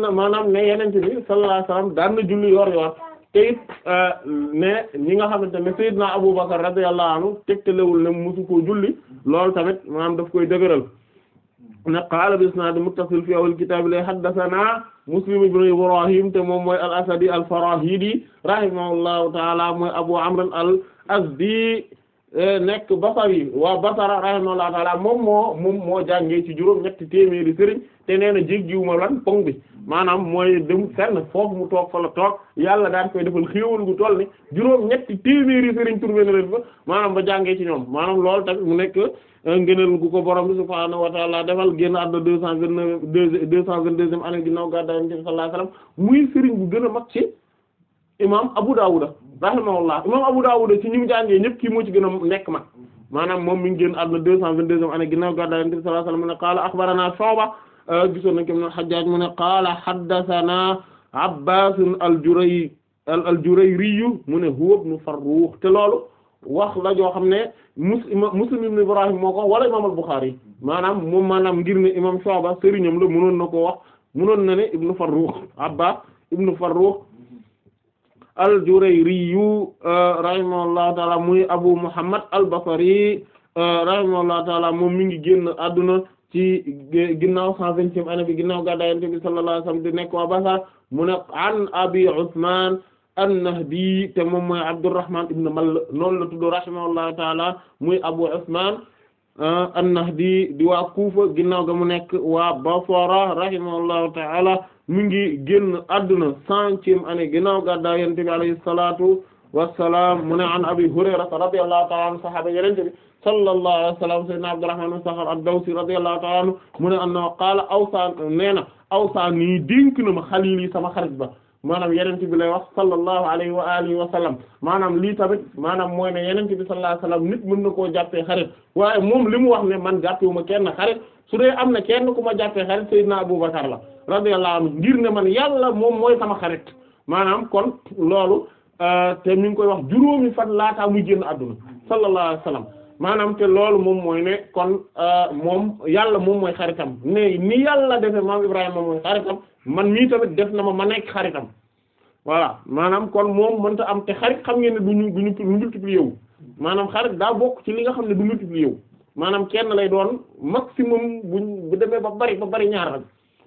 na maanaam ne yenente bi sallallahu alayhi wasallam daan na julli yoor yoor te it euh, ne ñi nga xamante ne abu Abubakar radiyallahu anhu tegtalewul ne mosu ko julli lool tamit maanaam daf koy dëgëral ne qaala bi isnaad muttasil fi awal kitaab la haddathana muslim ibn ibrahim te moom mooy al asadi al farahidi rahimahullahu taala mooy abu amr al azdi Euh, nekk Basari waa Basara rahimahullahu taala moom moo moom moo jàngee ci juróom ñetti téeméeri sëriñ te nee na jéggiwuma lan pong bi maanaam mooy dem fenn foofu mu toog fa la toog yàlla daan koy defal xéewal gu toll ni juróom ñetti téeméeri sëriñ turbe na leen fa maanaam ba jàngee ci ñoom maanaam lool tamit mu nekk euh, ngëneel gu ko borom bi subhaanahu wa taala defal génn àdduna deux cent vingt-neuf deux cent vingt-deuxième année ginnaaw gàddaay Yonent bi sallallahu alayhi wasallam bu gën a mag ci imaam Abu Dawud rahimahullah imaam Abu Dawud ci ñi mu jàngee ñëpp kii moo ci gën a nekk mag maanaam moom mi ngi génn àdduna deux cent vingt-deuxième année ginnaaw gàddaay Yonent bi sallallahu alayhi wa sallam mu ne qaala axbaranaa Shu'ba euh, gisoon nañ ko mu ne Hajjaaj mu ne qaala haddasanaa Abbaas al-Jurayri al-Jurayri mu ne huwa ibnu Farrukh te loolu wax la joo xam ne Muslim ibn Ibrahim moo ko wala imaam al-Bukhari maanaam moom maanaam ngir ne imaam Shu'ba sëriñam la mënoon na ko wax mënoon na ne ibnu Farrukh Abbaas ibnu Farrukh al-Jurayriyu euh, rahimahullahu taala muy Abu Muhammad al-Basri euh, rahimahullahu taala moom mi ngi génn àdduna ci ginnaaw cent vingtième année bi ginnaaw gàddaay bi sallallahu alayhi wa sallam di nekk waa Basra mu ne an Abi Usman nahdi te moom mooy Abdurrahman ibn la tudd rahimahullahu taala muy Abu Usman Ah, an-Nahdi di waa Kufa ginnaaw ga mu nekk waa Basra rahimahullahu ta'ala mu ngi génn adduna centième année ginnaaw gàddaay Yonent bi alayhi salaatu wassalaam mu ne an Abi Hurayra radiyallahu ta'ala anhu sahaaba Yonent bi sallallahu alayhi wa sallam sayyidina Abdurrahman ibn Sakhr ad-Dawsi radiyallahu ta'ala anhu mu ne annahu qaala awsaa nee na awsaa nii dénk na ma xaliili sama xarit ba maanaam yenente bi lay wax sallallahu alayhi wa alihi wa sallam maanaam lii tamit maanaam mooy ne yenente bi sallallahu alayhi wa sallam nit mën na koo jàppee xarit waaye moom li mu wax ne man jàppewuma kenn xarit su dee am na kenn ku ma jàppee xarit Seydina Abubakar la radiyallahu anhu ngir ne man yàlla moom mooy sama xarit maanaam kon loolu euh, te mi ngi koy wax juróomi fan laataa muy génn àdduna sallallahu alayhi wa sallam maanaam te loolu moom mooy ne kon euh, moom yàlla moom mooy xaritam ne ni yàlla defe maam Ibrahima mooy xaritam man mii tamit def na ma ma nekk xaritam voilà maanaam kon moom mënta am te xarit xam ngeen ne du ñu du ñu multiplier wu maanaam xarit daa bokk ci li nga xam ne du multiplier wu maanaam kenn lay doon maximum buñ bu demee ba bari ba bari ñaar rek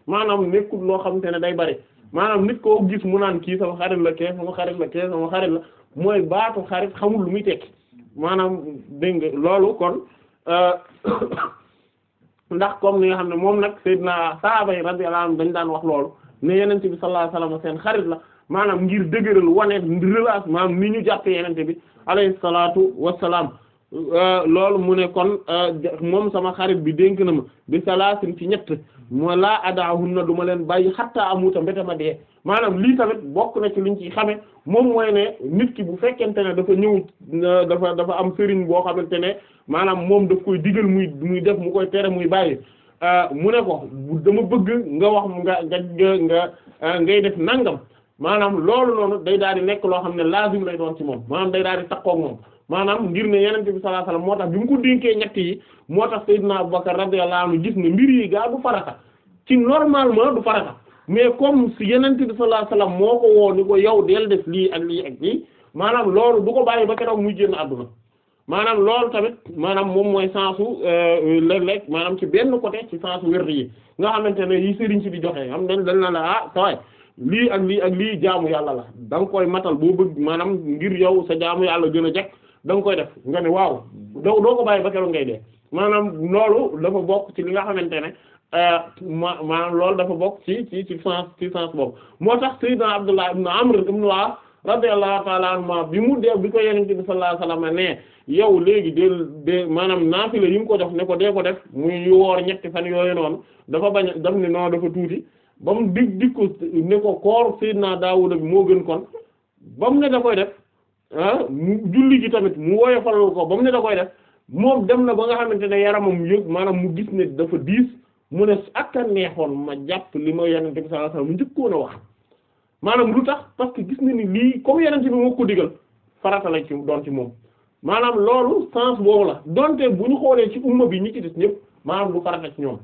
maanaam nekkul loo xamante ne day bari maanaam nit koo gis mu naan kii sama xarit la kee sama xarit la kee sama la mooy baatu xarit xamul lu muy tekki. maanaam dégg nga loolu kon euh, ndax comme ni nga xam ne moom nag Seydina sahaaba yi radiyallahu anhum dañ daan wax loolu ne yenente bi sallallahu alayhi wasallam seen xarit la maanaam ngir dëgëral wane relation maam ni ñu jàppe yenente bi alayhi salaatu wassalaam euh, loolu mu ne kon euh, moom sama xarit bi dénk na ma bi salaasin ci ñett moo laa adaahunna du ma leen bàyyi xattaa amuta mbéta ma dee maanaam lii tamit bokk na ci liñ ci xame moom mooy ne nit ki bu fekkente ne dafa ñëw dafa dafa am sëriñ boo xamante ne maanaam moom daf koy digal muy muy def mu koy tere muy bàyyi euh, mu ne ko dama bëgg nga wax nga nga nga euh, ngay def nangam maanaam loolu noonu day daal di nekk loo xam ne laazim lay doon ci moom maanaam day daal di takkook moom maanaam ngir ne yenente bi sallallahu alayhi moo tax bi mu ko dénkee ñett yi moo tax Seydina Abubakar radiyallahu anhu gis ne mbir yi gaa du farata ci normalement du farata mais comme si yenente bi sallallahu alayhi wasallam moo ko woo ni ko yow del def lii ak lii ak lii maanaam loolu du ko bàyyi ba keroog muy génn àdduna maanaam loolu tamit maanaam moom mooy sensu euh, léeg-léeg maanaam ci benn côté ci sensu wér yi nga xamante ne yi sëriñ si di joxe am nañ dañ na ah, lii ak lii ak lii jaamu yàlla la da nga koy matal boo bëgg maanaam ngir yow sa jaamu yàlla gën a jekk danga koy def nga ne waaw doo doo ko bàyyi ba keroog ngay dee maanaam loolu dafa bokk ci li nga xamante ne euh, ma maanaam loolu dafa bokk ci ci ci sens ci sens boobu moo tax sayyidna Abdullah ibn Amr ibn Al-As radiyallahu ta'ala anhuma bi mu dee bi ko yenente bi sallallahu alayhi ma ne yow léegi del de maanaam naafila yi mu ko jox ne ko dee ko def muy woor ñetti fan yooyu noonu dafa bañ daf ne noonu dafa tuuti ba mu dig dig ko ne ko koor sayyidna Daawuda bi moo gën kon ba mu ne def Ah, mu julli ji tamit mu woyofalal ko ba mu ne da koy def moom dem na ba nga xamante ne yaramam yëg maanaam mu gis ne dafa diis mu ne ak a neexoon ma jàpp li ma yonent bi sallallahu alayhi wasallam njëkkoon a wax maanaam lu tax parce que gis na ni lii comme yonent bi moo ko digal farata la ci doon ci moom maanaam loolu sens boobu la donte bu ñu xoolee ci umma bi ñu ci des ñëpp maanaam du farata ci ñoom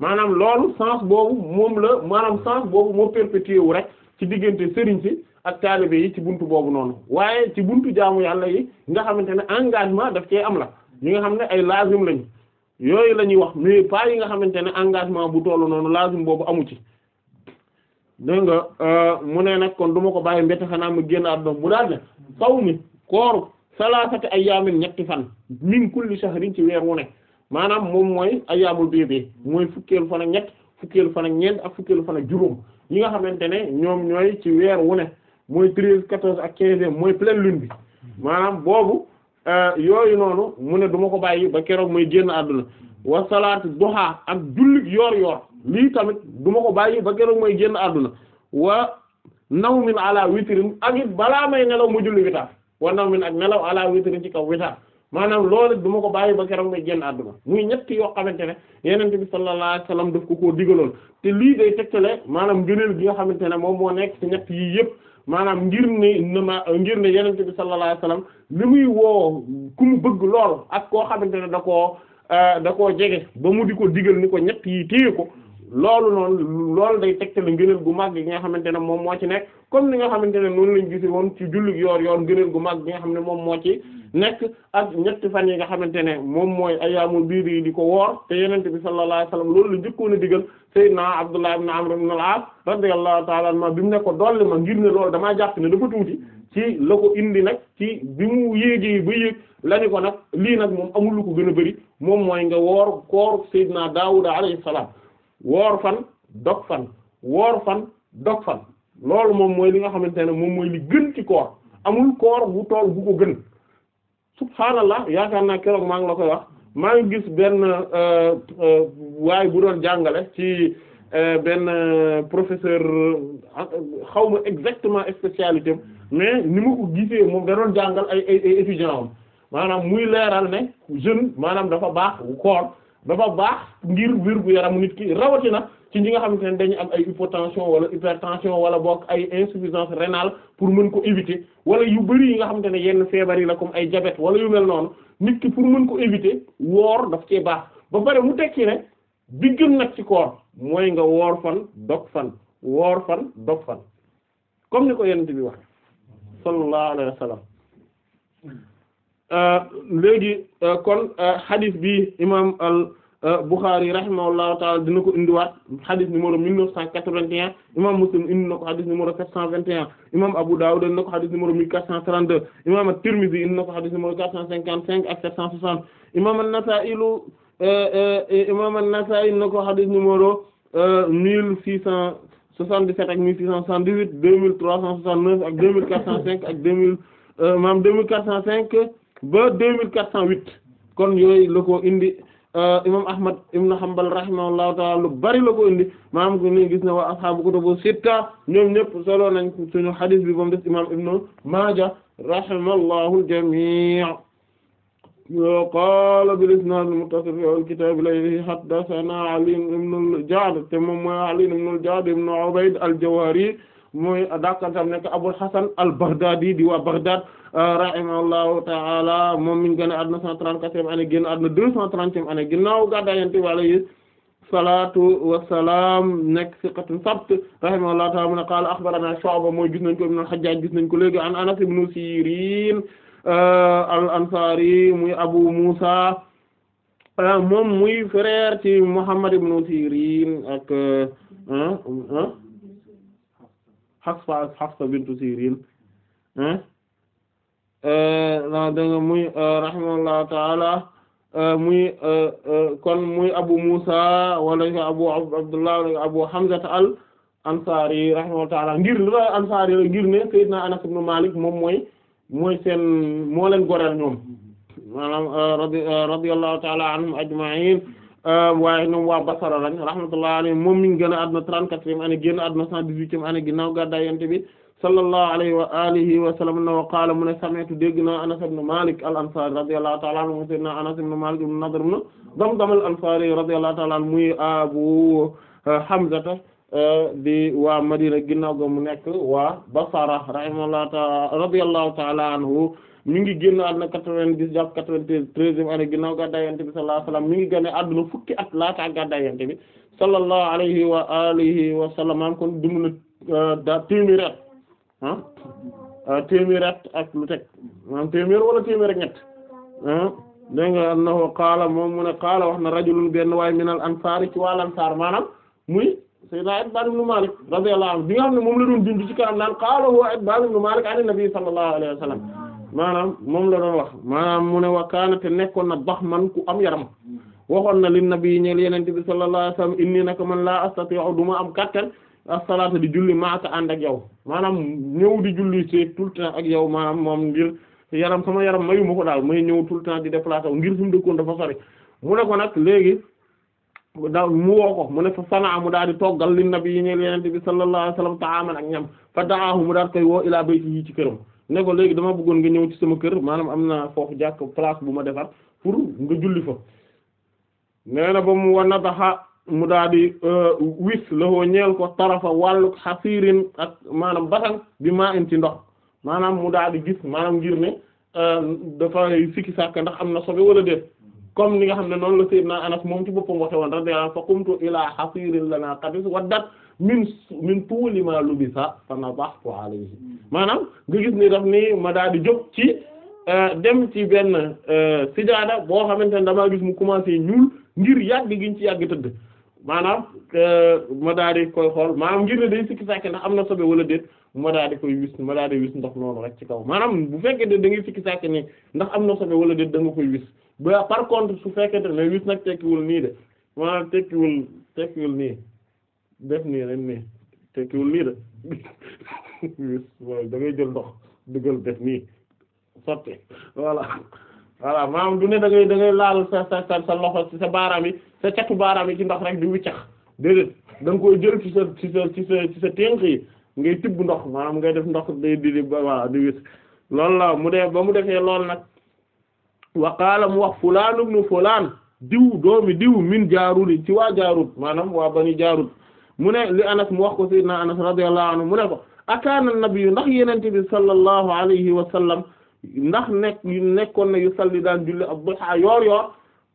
maanaam loolu sens boobu moom la maanaam sens boobu moo perpétué wu rek ci diggante sëriñ si ak taalibe yi ci buntu boobu noonu waaye ci buntu jaamu yàlla yi nga xamante ne engagement daf cee am la ñi nga xam ne ay lazim lañu yooyu la ñuy wax mais yi nga xamante ne engagement bu tollu noonu lazim boobu amu ci dégg nga euh, mu ne nag kon du ma ko bàyyi mbett xanaa ma génn àdduna mu daal ne saw mi kooru salaasati ayyaamin ñetti fan min kulli shahrin ci weer wu ne maanaam moom mooy ayyaamul biid mooy fukkeelu fan ak ñett fukkeelu fan ak ñeent ak fukkeelu juróom yi nga xamante ne ñoom ñooy ci weer wu ne mooy treize quatorze ak quinzième mooy pleine lune bi maanaam boobu euh, yooyu noonu mu ne duma ko bàyyi ba keroog mooy génn àdduna wa salaatu duha ak jullit yoor yoor lii tamit du ko bàyyi ba keroog mooy génn àdduna wa nawmin ala witrin ak it balaa may nelaw mu julli witar wa nawmin ak nelaw ala witrin ci kaw witar maanaam loolu duma ko bàyyi ba keroog may génn àdduna muy ñetti yoo xamante ne yenente bi sallallahu alayhi wasallam daf ko koo digaloon te lii day tegtale maanaam ngëneel gi nga xamante ne moom moo nekk ci ñett yii yëpp maanaam ngir ne nama ngir ne yenent bi sallallahu alayhi li muy woo ku mu bëgg lool ak koo xamante ne da koo euh, da ko jege ba mu di ko digal ni ko ñett yi téye ko loolu noonu loolu day tegtale ngëneel gu mag gi nga xamante ne moom moo ci nekk comme ni nga xamante ne noonu lañ gisi woon ci julli yoor yoor ngëneel gu mag gi nga xam ne moom moo ci nekk ak ñetti fan yi nga xamante ne moom mooy ayyaamul biir yi di ko woor te yenente bi sallallahu alayhi wasallam loolu la njëkkoon a digal sayyidna Abdullah ibn Amr ibn al-As radiyallahu ta'ala anhu bi mu ne ko dolli ma ngir ne loolu damaa jàpp ne dafa tuuti ci la ko indi nag ci bi mu yéegee ba yéeg lañu ko nag lii nag moom amul lu ko gën a bari moom mooy nga woor koor sayyidna Daawuda alayhi salaam woor fan dog fan woor fan dog fan loolu moom mooy li nga xamante ne moom mooy li gën ci koor amul koor bu tool bu ko gën subhaanallah yaakaar naa keroog maa ngi la koy wax maa ngi gis benn euh, euh, waay bu doon jàngale ci euh, benn professeur xaw ma exactement spécialité mais ni ma ko gisee moom da doon jàngal ay ay étudiants am maanaam muy leeral ne jeune maanaam dafa baax koor dafa baax ngir wérgu yaram nit ki rawatina ci ñi nga xamante ne dañu am ay hypotension wala hypertension wala bokk ay insuffisance rénale pour mën ko éviter wala yu bari yi nga xamante ne yenn feebar yi la comme ay diabète wala yu mel noonu nit ki pour mën ko éviter woor daf cee baax ba pare mu tekki ne bi gën nag ci koor mooy nga woor fan dog fan woor fan dog fan comme ni ko yenn bi wax sallallahu alayhi Euh, léegi euh, kon hadith euh, bi imam al Bukhari rahimahullahu taala dina ko indiwaat hadith numéro mille neuf cent quatre-vingt-un imam Muslim indi na ko hadith numéro sept cent vingt et un imam Abu Dawud indi na ko hadith numéro mille quatre cent trente-deux imam at-Tirmidhi indi na ko hadith quatre cent cinquante-cinq ak sept cent soixante imam an-Nasa'i lu imam an-Nasa'i indi na ko hadith numéro mille six cent soixante-dix-sept ak mille six cent soixante-dix-huit deux mille trois cent soixante ba deux mille quatre cent huit kon yooyu la ko indi euh, imam Ahmad ibn Hanbal rahimahullahu ta'ala lu bari la ko indi maam ko ni gis na waa ashaabu kutubu sitta ñoom ñëpp solo nañ suñu hadith bi moom des imam ibnu Maaja rahimallahu al-jamii' qala bil isnad al-muttasil fi al-kitab ilayhi haddathana Ali ibn al-Ja'd te moom mooy Ali ibn al-Ja'd ibn Ubayd al-Jawhari muy dakantam nekk Abul Hasan al-Baghdadi di waa Baghdad euh, rahimahullahu ta'ala moom mi ngi gën a àdduna 134e année génn àdduna 230e année ginnaaw gàddaay Yonent bi alayhi salaatu wa salaam nekk siqatun sabt rahimahullahu ta'ala mu ne qaala akhbarana Shu'ba mooy gis nañ ko ibn al-Hajjaj gis nañ ko léegi an Anas ibn Sirin euh, al-Ansari muy Abu Musa euh, moom muy frère ci Muhammad ibn Sirin Hafsa Hafsa bintu Sirin la euh, dégg nga muy euh, taala euh, muy kon muy Abu Musa wala Abu Abdullah Abu Hamza al Ansari rahimahullahu taala ngir ne Seydina Anas ibn Malik moom mooy mooy seen moo leen ñoom maanaam taala anhum ajma'in Euh, waaye ñoom waa Basara a rahmatullahi alayhi moom mi ngi gën a àdduna 34e année génn àdduna 118e année ginnaaw gàddaay Yonent bi sallallahu alayhi wa alihi wa sallam wa qaala mu ne sami'tu dégg naa Anas ibn Malik al-Ansari radiyallahu ta'ala anhu sayyidina Anas ibn Malik ibn Nadr ibn muy Abu euh, Hamza euh, di waa Madina ginnaaw ga mu nekk waa Basara rahimahullahu ta'ala radiyallahu ta'ala anhu mi ngi génn na quatre-vingt-dix quatre-vingt-treizième année ginnaaw gàddaay yonent bi sallallahu alayhi wa sallam mi ngi génn àdduna fukki at laata gàddaay yonent bi sallallahu alayhi na euh, daa at ah euh, téeméeri at ak lu teg wala téeméer ak ñett ah dégg qaala moom mu ne qaala wax na rajulun benn waay minal ansaar ci wàll ansaar maanaam muy sayyidina Itbaan ibn Maalik radiyallahu anhu bi nga xam ne moom la doon dund ci kanam naan qaala huwa Itbaan ibn Maalik an nabi sallallahu alayhi wa maanaam moom la doon wax maanaam mu ne wax kaana te nekkoon na bax man ku am yaram waxoon na li nabi ñeel yenente bi sallallahu alayhi wasallam inni naka man laa astati'u du ma am kattan as-salaata di julli maaka ak yow maanaam ñëw di julli ci tout le temps ak yow maanaam moom ngir yaram sama yaram mayu ma ko daal may ñëw tout le temps di déplacer ngir sumu dëkkoon dafa sori mu ne ko nag léegi daaw mu woo ko mu ne fa sanaa mu daal di toggal li nabi ñeel yenente bi sallallahu ak ñam fa da'ahu mu daal koy woo ilaa bayti yi ci këram ne ko léegi dama bëggoon nga ñëw ci sama kër maanaam am na foofu jàkk place bu ma defar pour nga julli fa nee na ba mu wa nataxa mu daa di euh, wis lawoo ñeel ko tarafa wàlluk xasiirin ak maanaam batan bi maa in ci ndox maanaam mu daa di gis maanaam ngir ne euh, dafay sikki sàkk ndax am na sobe wala déet comme ni nga xam ne noonu la Seydina Anas moom ci boppam waxe woon radiyallahu fa qumtu ilaa xasiirin lana qadis waddat min min tuuli ma lubisa fa nadahtu alayhi maanaam nga gis ni daf ni ma daal jóg ci euh, dem ci benn euh, sijaada boo xamante ne damaa gis mu commencé ñuul ngir yàgg giñ ci yàgg tëdd maanaam euh, ma daal di koy xool maanaam ngir ne day sikki sàkke ndax am na sobe wala déet ma daal di koy wis ma daal wis ndox noonu rek ci kaw maanaam bu fekkee ne da ngay sikki sàkke ne ndax am na sobe wala déet da nga koy wis ba par contre su fekkee ne wis nag tekkiwul nii de maanaam tekkiwul tekkiwul nii def nii rek nii tekkiwul lii da ngay jël ndox dëggal def nii sotti voilà voilà maanaam du ne da dangay laal sa sa sa sa loxo ci sa baaraam yi sa catu baaraam yi ci ndox rek di wiccax déedéet da nga jël ci sa ci sa ci sa ci sa ténk yi ngay tibb ndox maanaam ngay def ndox di di di di wis loolu la mu dee ba mu defee lool nag wa mu wax fulaan ibnu fulaan diw doomi diw min jaarut yi ci waa jaarut maanaam waa bani jaarut mu ne li anas mu wax ko naa anas radiyallahu anhu mu ne ko akaana nabiyyu ndax yenente bi sallallahu alayhi wa sallam ndax nekk nekkoon na yu salli daan julli ad-duha yoor yoor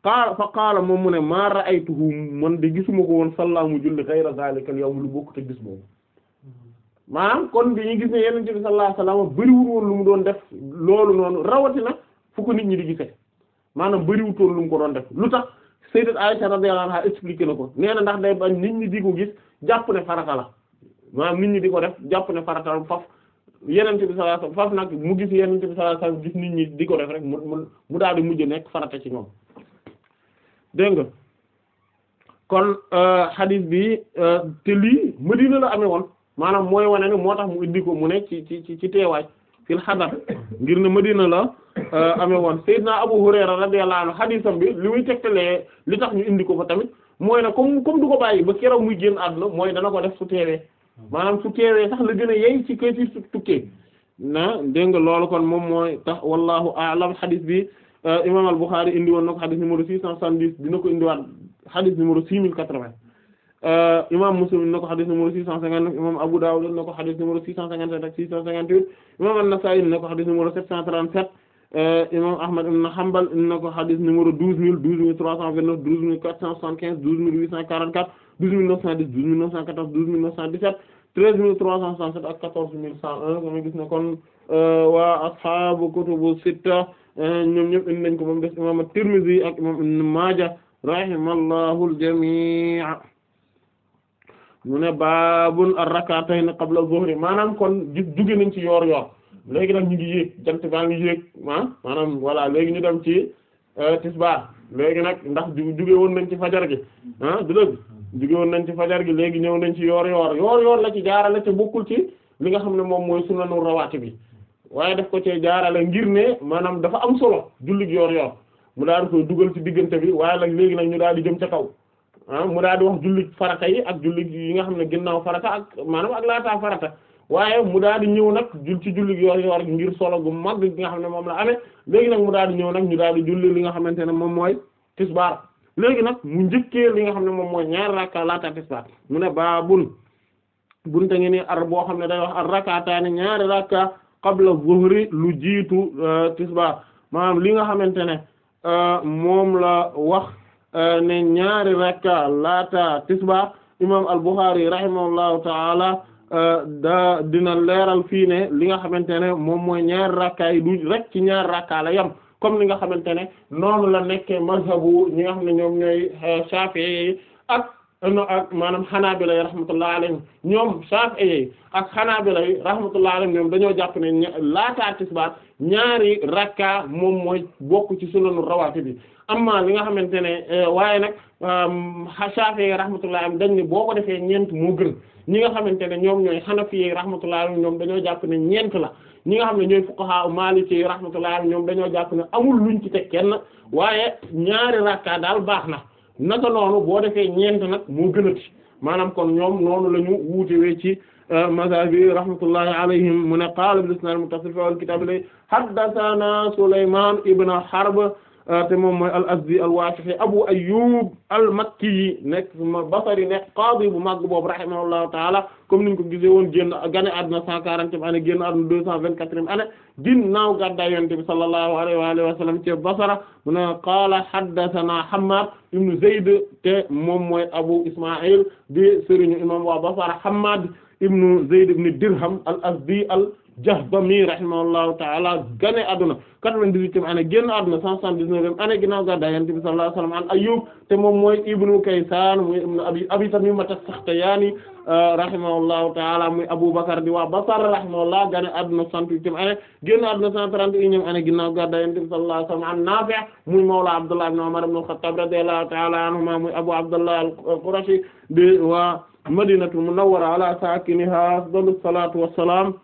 qaala fa qaala moom mu ne maa ra'aytuhu man de gisuma ko woon sallaamu julli ghayra zaalika al-yawm lu bokk te gis boobu maanaam kon bi ñu gis ne yenente bi sallallahu alayhi wa sallam bëriwul woon lu mu doon def loolu noonu rawatina fu ko nit ñi di gisee maanaam bëriwutoon lu mu ko doon def lu tax sayyidat Aisha radiyallahu ko jàpp ne farata la maanaam nit ñi di ko def jàpp ne farata la faf yeneen bi sallallahu faf nag mu gis yeneen bi sallallahu gis nit ñi di ko def rek mu mu mu daal di mujj nekk farata ci ñoom dégg nga kon euh, hadith bi euh, te lii Madina la amee woon maanaam mooy wane ne moo tax mu indi ko mu ne ci ci ci teewaay fil xadar ngir ne Madina la euh, amee woon Seydina Abu Hurayra radiyallahu anhu haditham bi li muy tegtalee li tax ñu indi ko fa tamit mooy na comme comme du ko bàyyi ba keroog muy génn àdduna mooy dana ko def su teewee mm-hmm. maanaam su teewee sax la gën a yey ci kay ci su tukkee na dégg loolu kon moom mooy tax wallahu a'lam xadis bi euh, imam al-Bukhari indi woon na ko xadis numéro six cent soixante-dix dina ko indiwaat xadis numéro six mille quatre-vingts euh, imam Muslim indi ko xadis numéro six cent cinquante-neuf imam Abu Dawud indi ko xadis numéro six cent cinquante-sept ak six cent cinquante-huit imam an Eh, imam Ahmad ibn Hanbal indi na ko xadis numéro douze mille douze mille trois cent vingt-neuf douze mille quatre cent soixante-quinze douze mille huit cent quarante-quatre douze mille neuf cent dix douze mille neuf cent quatorze douze mille neuf cent dix-sept treize mille trois cent soixante-sept ak quatorze mille cent un sama gis eh, kutubu sitta eh, ñoom ñëpp indi nañ ko moom des imam at-Tirmidhi ak imam Ibn Maaja rahimallahu al-jamii mu ne baabun ar-rak'atayni qabla az-zuhri maanaam kon gis juge nañ ci yoor yoor léegi nag ñu ngi yéeg jant baa ngi yéeg ah maanaam voilà léegi ñu dem ci euh, tisbaar léegi nag ndax juge woon nañ ci fajar gi ah du dëgg juge woon nañ ci fajar gi léegi ñëw nañ ci yoor yoor yoor yoor la ci jaarale ci bokkul ci li nga xam ne moom mooy sunanu rawaati bi waaye def ko cee jaarale ngir ne maanaam dafa am solo jullig yoor yoor mu daal di koy dugal ci diggante bi waaye nag léegi nag ñu daal di jëm ca kaw ah mu daal di wax jullig farata yi ak jullig yi nga xam ne ginnaaw farata ak maanaam ak laataa farata waaye mu daal di ñëw nag jul ci julli yor yor ngir solo gu mag gi nga xam ne moom la amee léegi nag mu daal di ñëw nag ñu daal di julli li nga xamante ne moom mooy tisbaar léegi nag mu njëkkee li nga xam ne moom mooy ñaari rakka laata tisbaar mu ne baabun bunta ngi ni ar boo xam ne day wax ar rakataani ñaari rakka qabla zuhri lu jiitu euh, tisbaar li nga xamante ne euh, moom la wax euh, ne ñaari rakka laata tisbaar imaam al-Bukhari rahimahullahu ta'ala Euh, daa dina leeral fii ne li nga xamante ne moom mooy ñaari rakkaa yi du rek ci ñaari rakkaa la yam comme li nga xamante ne noonu la nekkee mazhabu ñi nga xam ne ñoom ñooy euh, Shafi'i ak maanaam Hanabila yi rahmatullahi alayhim ñoom Shafi'i ak Hanabila yi rahmatullahi alayhim ñoom dañoo jàpp ne laataa tisbaar ñaari rakkaa moom mooy bokk ci sunanu rawaati bi amma li nga xamante ne euh, waaye nag Shaafi'i rahmatullahi am dañ ne boo ko defee ñeent moo gën ñi nga xamante ne ñoom ñooy Hanafi rahmatullahi am ñoom dañoo jàpp ne ñeent la ñi nga xam ne ñooy fuqaha Maliki rahmatullahi am ñoom dañoo jàpp ne amul luñ ci teg kenn waaye ñaari rakka daal baax na naka noonu boo defee ñeent nag moo gënati maanaam kon ñoom noonu la ñu wuutewee ci euh, mazhabi rahmatullahi alayhim mu ne qaala bil isnaad al muttasil fi al kitaab li haddathana Sulaymaan ibn Harb Euh, te moom mooy al azdi al waashihi abu ayyub al makki yi nekk basari nekk qaadi bu màgg boobu rahimahullahu taala comme niñ ko gisee woon génn gane àdduna cent quarantième année génn àdduna deux cent vingt-quatrième année ginnaaw gàddaay yonent bi sallallahu alayhi wa alihi wa sallam ci basara mu ne qaala haddathana hammad ibn zayd te moom mooy abu isma'il di sëriñu imam waa basara hammad ibn zayd ibn dirham al azdi al Jahdami rahimahullahu ta'ala gane àdduna 98e année génn àdduna 179e année ginnaaw gàddaay Yonent bi sallallahu alayhi wa sallam an Ayyub te moom mooy ibnu Kaysan muy ibnu Abi Abi Tamima as-Sakhtiyani euh, rahimahullahu ta'ala muy Abu Bakr di waa Basra rahimahullah gane àdduna 68e année génn àdduna 131e année ginnaaw gàddaay Yonent bi sallallahu alayhi wa sallam an Nafi' muy mawla Abdullah ibn Umar ibn al-Khattab radiyallahu ta'ala anhuma muy Abu Abdullah al-Qurashi di waa Madinatul Munawwara ala sakiniha afdalu salatu wassalam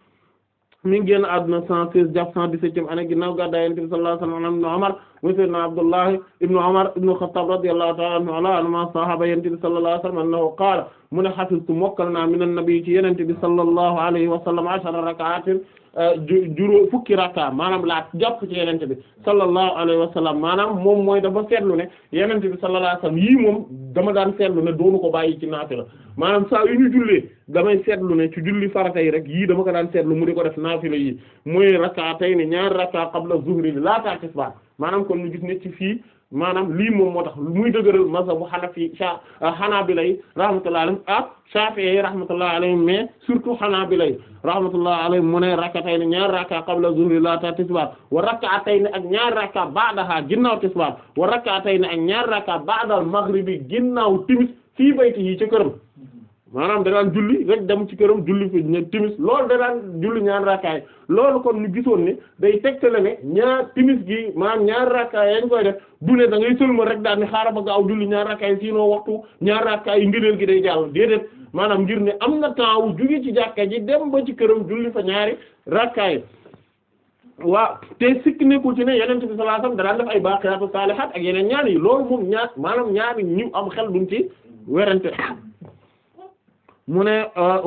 mi ngi génn àdduna 116 jàpp 117 année ginnaaw gàddaay Yonent bi sallallahu alayhi wa sallam ibnu Umar muy sayyidina Abdullahi ibnu Umar ibnu Xattaab radiyallahu ta'ala anhu ala anma sahaaba Yonent bi sallallahu alayhi wa sallam annahu qaala mu ne hafiztu mokkal naa min an-nabi ci Yonent bi sallallahu alayhi wa sallam ashara rak'atin Euh, juróom fukki rakka maanaam laa jàpp ci yenente bi sallallahu alayhi wa sallam maanaam moom mooy dama seetlu ne yenente bi sallallahu alayhi wa yii moom dama daan seetlu ne doonu ko bàyyi ci naafila maanaam saa yu ñu jullee damay seetlu ne ci julli farata yi rek yii dama ko daan seetlu mu di ko def naafila yi muy rakka tey ne ñaari rakka qabla zuhri bi laataa tisbaar maanaam kon ñu gis ne ci fii maanaam lii moom moo tax muy dëgëral mazhabu hanafi sa euh, hanabila yi rahmatullahi alayhim ak shafi'i yi rahmatullahi alayhim mais surtout hanabila yi rahmatullahi alayhim mu ne rak'atayn ñaar rak'a qabla zuhri laata tisbaar wa rak'atayn ak ñaar rak'a ba'daha ginnaaw tisbaar wa rak'atayn ak ñaar rak'a ba'dal maghribi ginnaaw timis fii bayti yi ci këram maanaam da daan julli rek dem ci këram julli fi ña timis loolu da daan julli ñaar rakkaay loolu kon ñu gisoon ne day tegtale ne ñaar timis gi maanaam ñaar rakkaay yañ koy def du ne ngay sëlmal rek daal ni ba gaaw julli ñaar rakkaay sinon waxtu ñaar rakkaay yi ngëneel gi day jàll déedéet maanaam ngir ne am na temps wu ci jàkka ji dem ba ci këram julli fa ñaari rakkaay waaw te sikk nekku ci ne yeneen bi sallallahu alayhi wasallam da daan def ay baaqiyaatu yeneen ñaar yi loolu moom ñaar maanaam ñu am xel duñ ci werante mu ne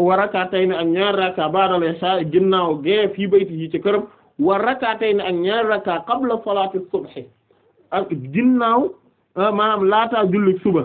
wa rakatay ni ak ñaari raka ba'dal isha ginnaaw gee fii bayti yi ci këram wa rakatay ne ak ñaari raka qabla salati subhi ak ginnaaw ah, maanaam laataa julli suba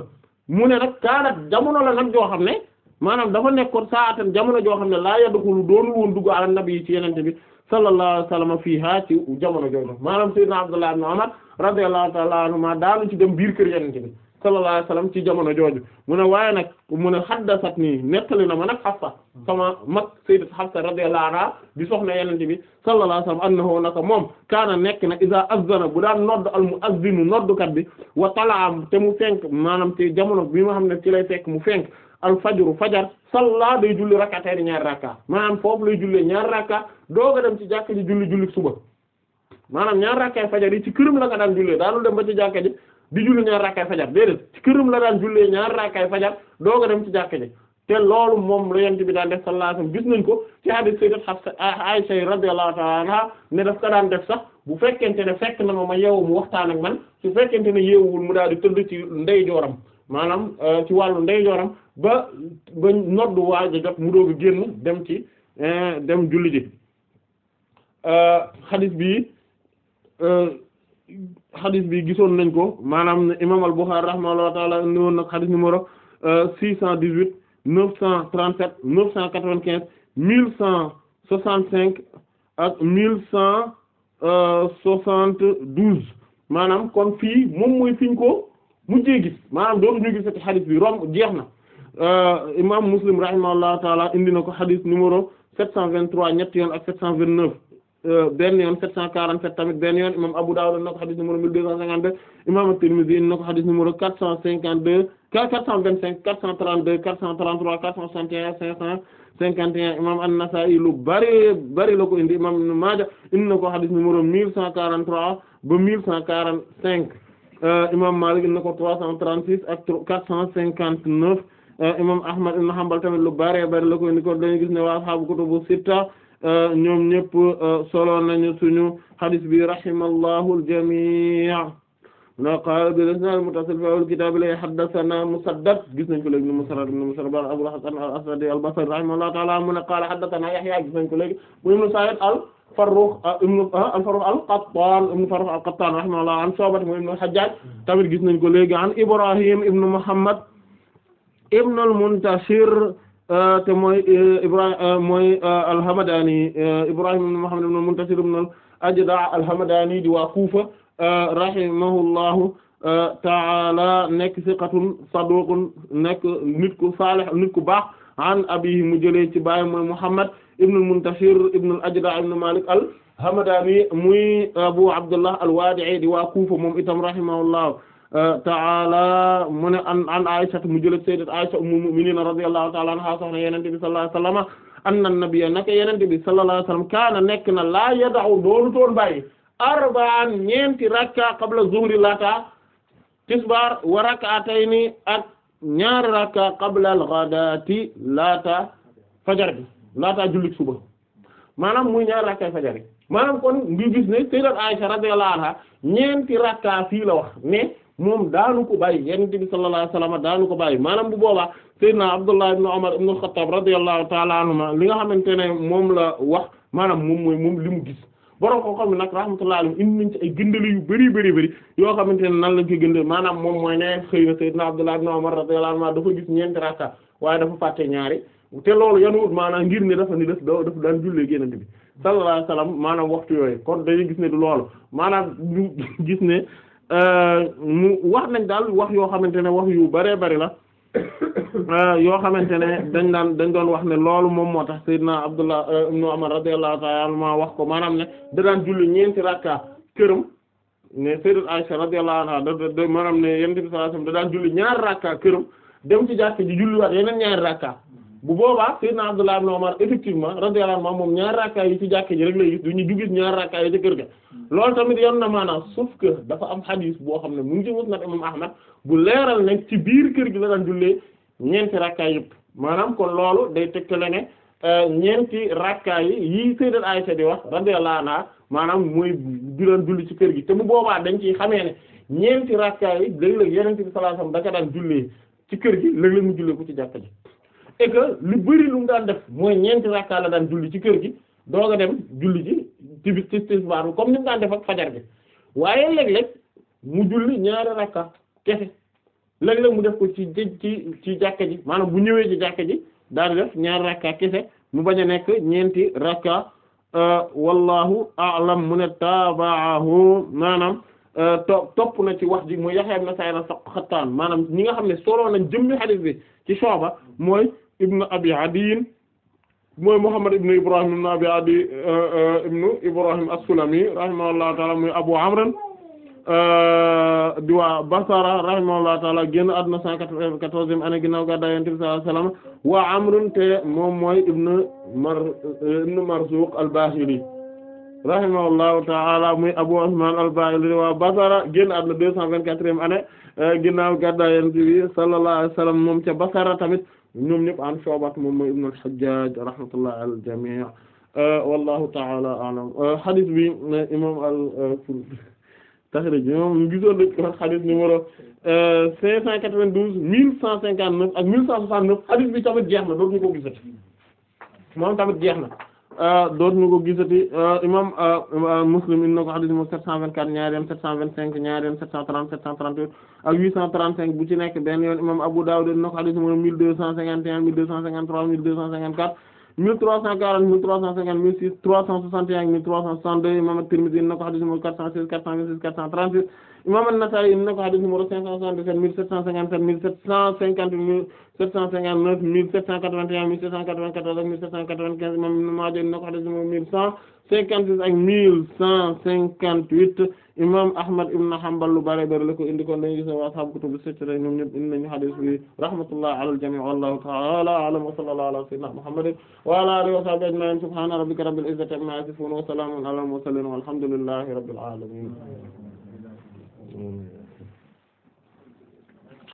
mu ne nag kaanat jamono la nag joo xam ne maanaam dafa nekkoon saatan jamono joo xam ne laa yadxulu doonul woon dugg ala nabi yi ci yenente bi sallallahu alayhi wa sallam fiiha ci jamono jooju maanaam sayyidna Abdullah ibn Umar radiyallahu ta'ala anhuma daanu ci dem biir kër yenente sallallahu alayhi wasallam ci jamono jooju mu ne waaye nag mu ne xaddasat nii nettali na ma nag Hafsa sama mag sayyidat Hafsa radiyallahu anha di soxna yenente bi sallallahu alayhi wasallam annahu naka moom kaana nekk na iza azzana bu daan nodd al muazzinu noddukat bi wa talaam te mu fenk maanaam ci jamono bi nga xam ne ci lay fekk mu fenk al fajru fajar salla day julli rakkateeri ñaar rakka maanaam foofu lay jullee ñaari rakka dooga dem ci jàkka ji julli julli suba maanaam ñaari rakkaay fajar yi ci këram la nga daan jullee daanul dem ba ci jàkka di julli ñaar raakaay fajar déedéet ci këram la daan jullee ñaar raakaay fajar dooga dem ci jàkka ji te loolu moom la yent bi daan def sallallahu alayhi wasallam gis nañ ko ci hadith sayyidat Hafsa Aisha radiyallahu ta'ala anha ne daf ko daan def sax bu fekkente ne fekk na ma ma yeewu mu waxtaan ak man su fekkente ne yeewul mu daal di tëdd ci ndeyjooram maanaam euh, ci wàllu ndeyjooram ba ba noddu waaj jot mu doogu génn dem ci euh, dem julli ji euh, hadith bi xadis bi gisoon nañ ko maanaam ne imaam al-Bukhari rahimahullahu ta'ala indi woon nag xadis numéro euh, six cent dix-huit neuf cent trente-sept neuf cent quatre-vingt-quinze mille cent soixante-cinq ak mille cent euh, soixante-douze maanaam kon fii moom mooy fiñ ko mujjee gis maanaam dootu ñu gisati xadis bi rom jeex na euh, imaam Muslim rahimahullahu ta'ala indi na ko xadis numéro sept cent vingt-trois ñetti yoon ak sept cent vingt-neuf Euh, benn yoon 747 tamit benn yoon imam Abu Dawud na ko xadis numéro 1252 imam At-Tirmidhi na ko xadis numéro 452 425 432 433 461 551 imam An-Nasa'i lu bari bari la ko indi imam Ibn Maaja indi na ko xadis numéro 1143 ba 1145 euh, imam Malik indi na ko 336 ak 459 euh, imam Ahmad ibn Hanbal tamit lu bari bari la ko indi kon dañu gis ne waa ashaabu kutubu sitta ñoom ñëpp euh, solo nañu suñu hadis bi rahimallahu al-jami' na qaala bil isnaad al-muttasil fi al-kitaab la haddathana Musaddad gis nañ ko léegi nu Musarhad ibn Musarhad Abul Hasan al-Asadi al-Basri rahimahullahu ta'ala mu ne qaala haddathana Yahya gis nañ ko léegi mu ibn Sa'id al-Farrukh euh, ibn euh, al-Farrukh al-Qattan ibn Farrukh al-Qattan rahimahullah an Shu'ba mu ibn al-Hajjaj tamit gis nañ ko léegi an Ibrahim ibn Muhammad ibn al-Muntashir Euh, te mooy euh, Ibrahima euh, mooy al-Hamdani Ibrahim ibn Muhammad ibn Muntasir ibn al-Ajda' al-Hamdani di waa Kufa rahimahullahu ta'ala nekk siqatun saduqun nekk nit ku saalih nit ku baax an abihi mu jëlee ci baay mooy Muhammad ibn al-Muntasir ibn al-Ajda' ibn Malik al-Hamdani muy Abu Abdullah al-Wadi'i di waa Kufa moom itam rahimahullahu taala mu ne an an Aisha mu jël sayyidat Aisha ummul mu'minin radiyallahu ta'ala anha soxna Yonent bi sallallahu alayhi wasallam anna nabiyya naka Yonent bi sallallahu alayhi wasallam kaana nekk na laa yada'u doonu toon bàyyi arba'an ñeenti rakka qabla zuhri laata tisbaar wa rak'atayni ak ñaari rakka qabla al-ghadati laata fajar bi laata jullit suba maanaam muy ñaari rakka fajar bi maanaam kon ngi gis ne sayyidat Aisha radiyallahu anha ñeenti rakka fii la wax ne moom daanu ko bàyyi yonent bi sallallahu alayhi wasallam daanu ko bàyyi maanaam bu boobaa sayyidina Abdullah ibn Umar ibn al-Khattab radiyallahu ta'ala anhuma li nga xamante ne moom la wax maanaam moom mooy moom li mu gis borom ko xam ne nag rahmatullahi alayhi indi nañ ci ay gëndale yu bari bari bari yoo xamante ne nan lañ koy gëndal maanaam moom mooy ne xëy na sayyidina Abdullah ibn Umar radiyallahu anhuma dafa gis ñeenti rakka waaye dafa fàtte ñaari te loolu yanuwut maanaam ngir ne dafa ni def doo dafa daan jullee génnante bi Euh, mu wax nañ daal wax yoo xamante ne wax yu bëree bëri la euh, yoo xamante ne dañ daan dañ doon wax ne loolu moom moo tax Seydina Abdullah euh, ibn Umar radiyallahu ta'ala anhuma wax ko maanaam ne da daan julli ñeenti rakka këram ne Sayyidat Aisha radiyallahu anha da maanaam ne Yonent bi sallallahu da daan julli ñaari rakka këram dem ci jàkk ji julliwaat yeneen ñaari rakka bu boobaa Seydina Abdullah ibn Umar effectivement radiyallahu anhu moom ñaar rakkaa yi ci jàkk ji rek lay gis du ñu jugis ñaar rakkaa yi ci kër ga loolu tamit yoon na maanaam sauf que dafa am xadiis boo xam ne mu ngi ci musnad imam Ahmad bu leeral nag ci biir kër gi la daan jullee ñeenti rakkaa yëpp maanaam kon loolu day tegtale ne euh, ñeenti rakkaa yi yii Sayyidat Aisha di wax radiyallahu anha maanaam mooy di daan ci kër gi te bu boobaa dañ ciy xamee ne ñeenti rakkaa yi léeg-léeg Yonent bi da ka daan jullee ci kër gi léeg-léeg mu jullee ko ci jàkka ji et lu bari lu mu daan def mooy ñeenti rakka la daan julli ci kër gi doog a dem julli ji tibi tis tisbaar bi comme ni mu daan def ak fajar bi waaye léeg-léeg mu julli ñaari rakka kese léeg-léeg mu def ko ci ci ci jàkka ji maanaam bu ñëwee ci jàkka ji daan def ñaari rakka kese mu bañ a nekk ñeenti rakka euh, wallahu a'lam mu ne tabaahu maanaam euh, topp na ci wax ji mooy Yahya ibn Sa'id as-Qattan maanaam ñi nga xam ne solo nañ jëmmi hadith bi ci Shu'ba mooy ibn abi adiyin mooy muhammad ibn ibrahim ibn abi adi eh, eh, ibn ibrahim as-sulami taala muy abu amran eh, di waa basara rahimahullahu taala génn àdduna cent quatre-vingt-quatorzième année ginnaaw gàddaay Yonent bi te mooy ibn mar al-bahili rahimahullahu taala muy abu usman al-bahili waa basara génn àdduna deux cent vingt-quatrième année ginnaaw gàddaay Yonent bi sallallahu alayhi moom ca basara tamit ñoom ñëpp an Shu'ba moom mooy ibn al-Hajjaj rahmatullahi ala al-jami' wallahu ta'ala a'lam hadith bi imam al-Tahrij moom gisoon nañ ko hadith numéro 592 euh, 1159 ak 1169 hadith bi tamit jeex na dootuñu ko gisati moom tamit jeex na Euh, dootuñu ko gisati euh, imam euh, Muslim in na ko hadith moom 724 ñaareel 725 ñaareel 730 738 ak 835 bu ci nekk benn yoon Abu Dawud in na ko hadith moom 1251 1253 1254 1340 1350 1600 361 1362 imam At-Tirmidhi in na ko hadith moom 416 426 436 imam An-Nasa'i indi na ko xadis numéro cinq cent soixante-sept mille sept cent cinquante-sept mille sept cent cinquante mille sept cent cinquante-neuf mille sept cent quatre-vingt-un mille sept cent quatre-vingt-quatorze ak mille sept cent quatre-vingt-quinze imam Ibn Maaja indi na ko xadis numéro mille cent cinquante-six ak mille cent cinquante-huit imam Ahmad ibn Hanbal lu bare bare la ko indi kon dañu gis waa ashaabu kutubu sitta ñoom ñëpp indi nañu xadis bi rahmatullahi ala al-jamii' wallahu ta'ala a'lam wa sallallahu ala sayyidina Muhammadin wa ala alihi wa sahbihi ajma'in subhana rabbika rabbil izzati amma yasifun wa salamun ala al-mursalin walhamdulillahi rabbil alamin Amin. Mm.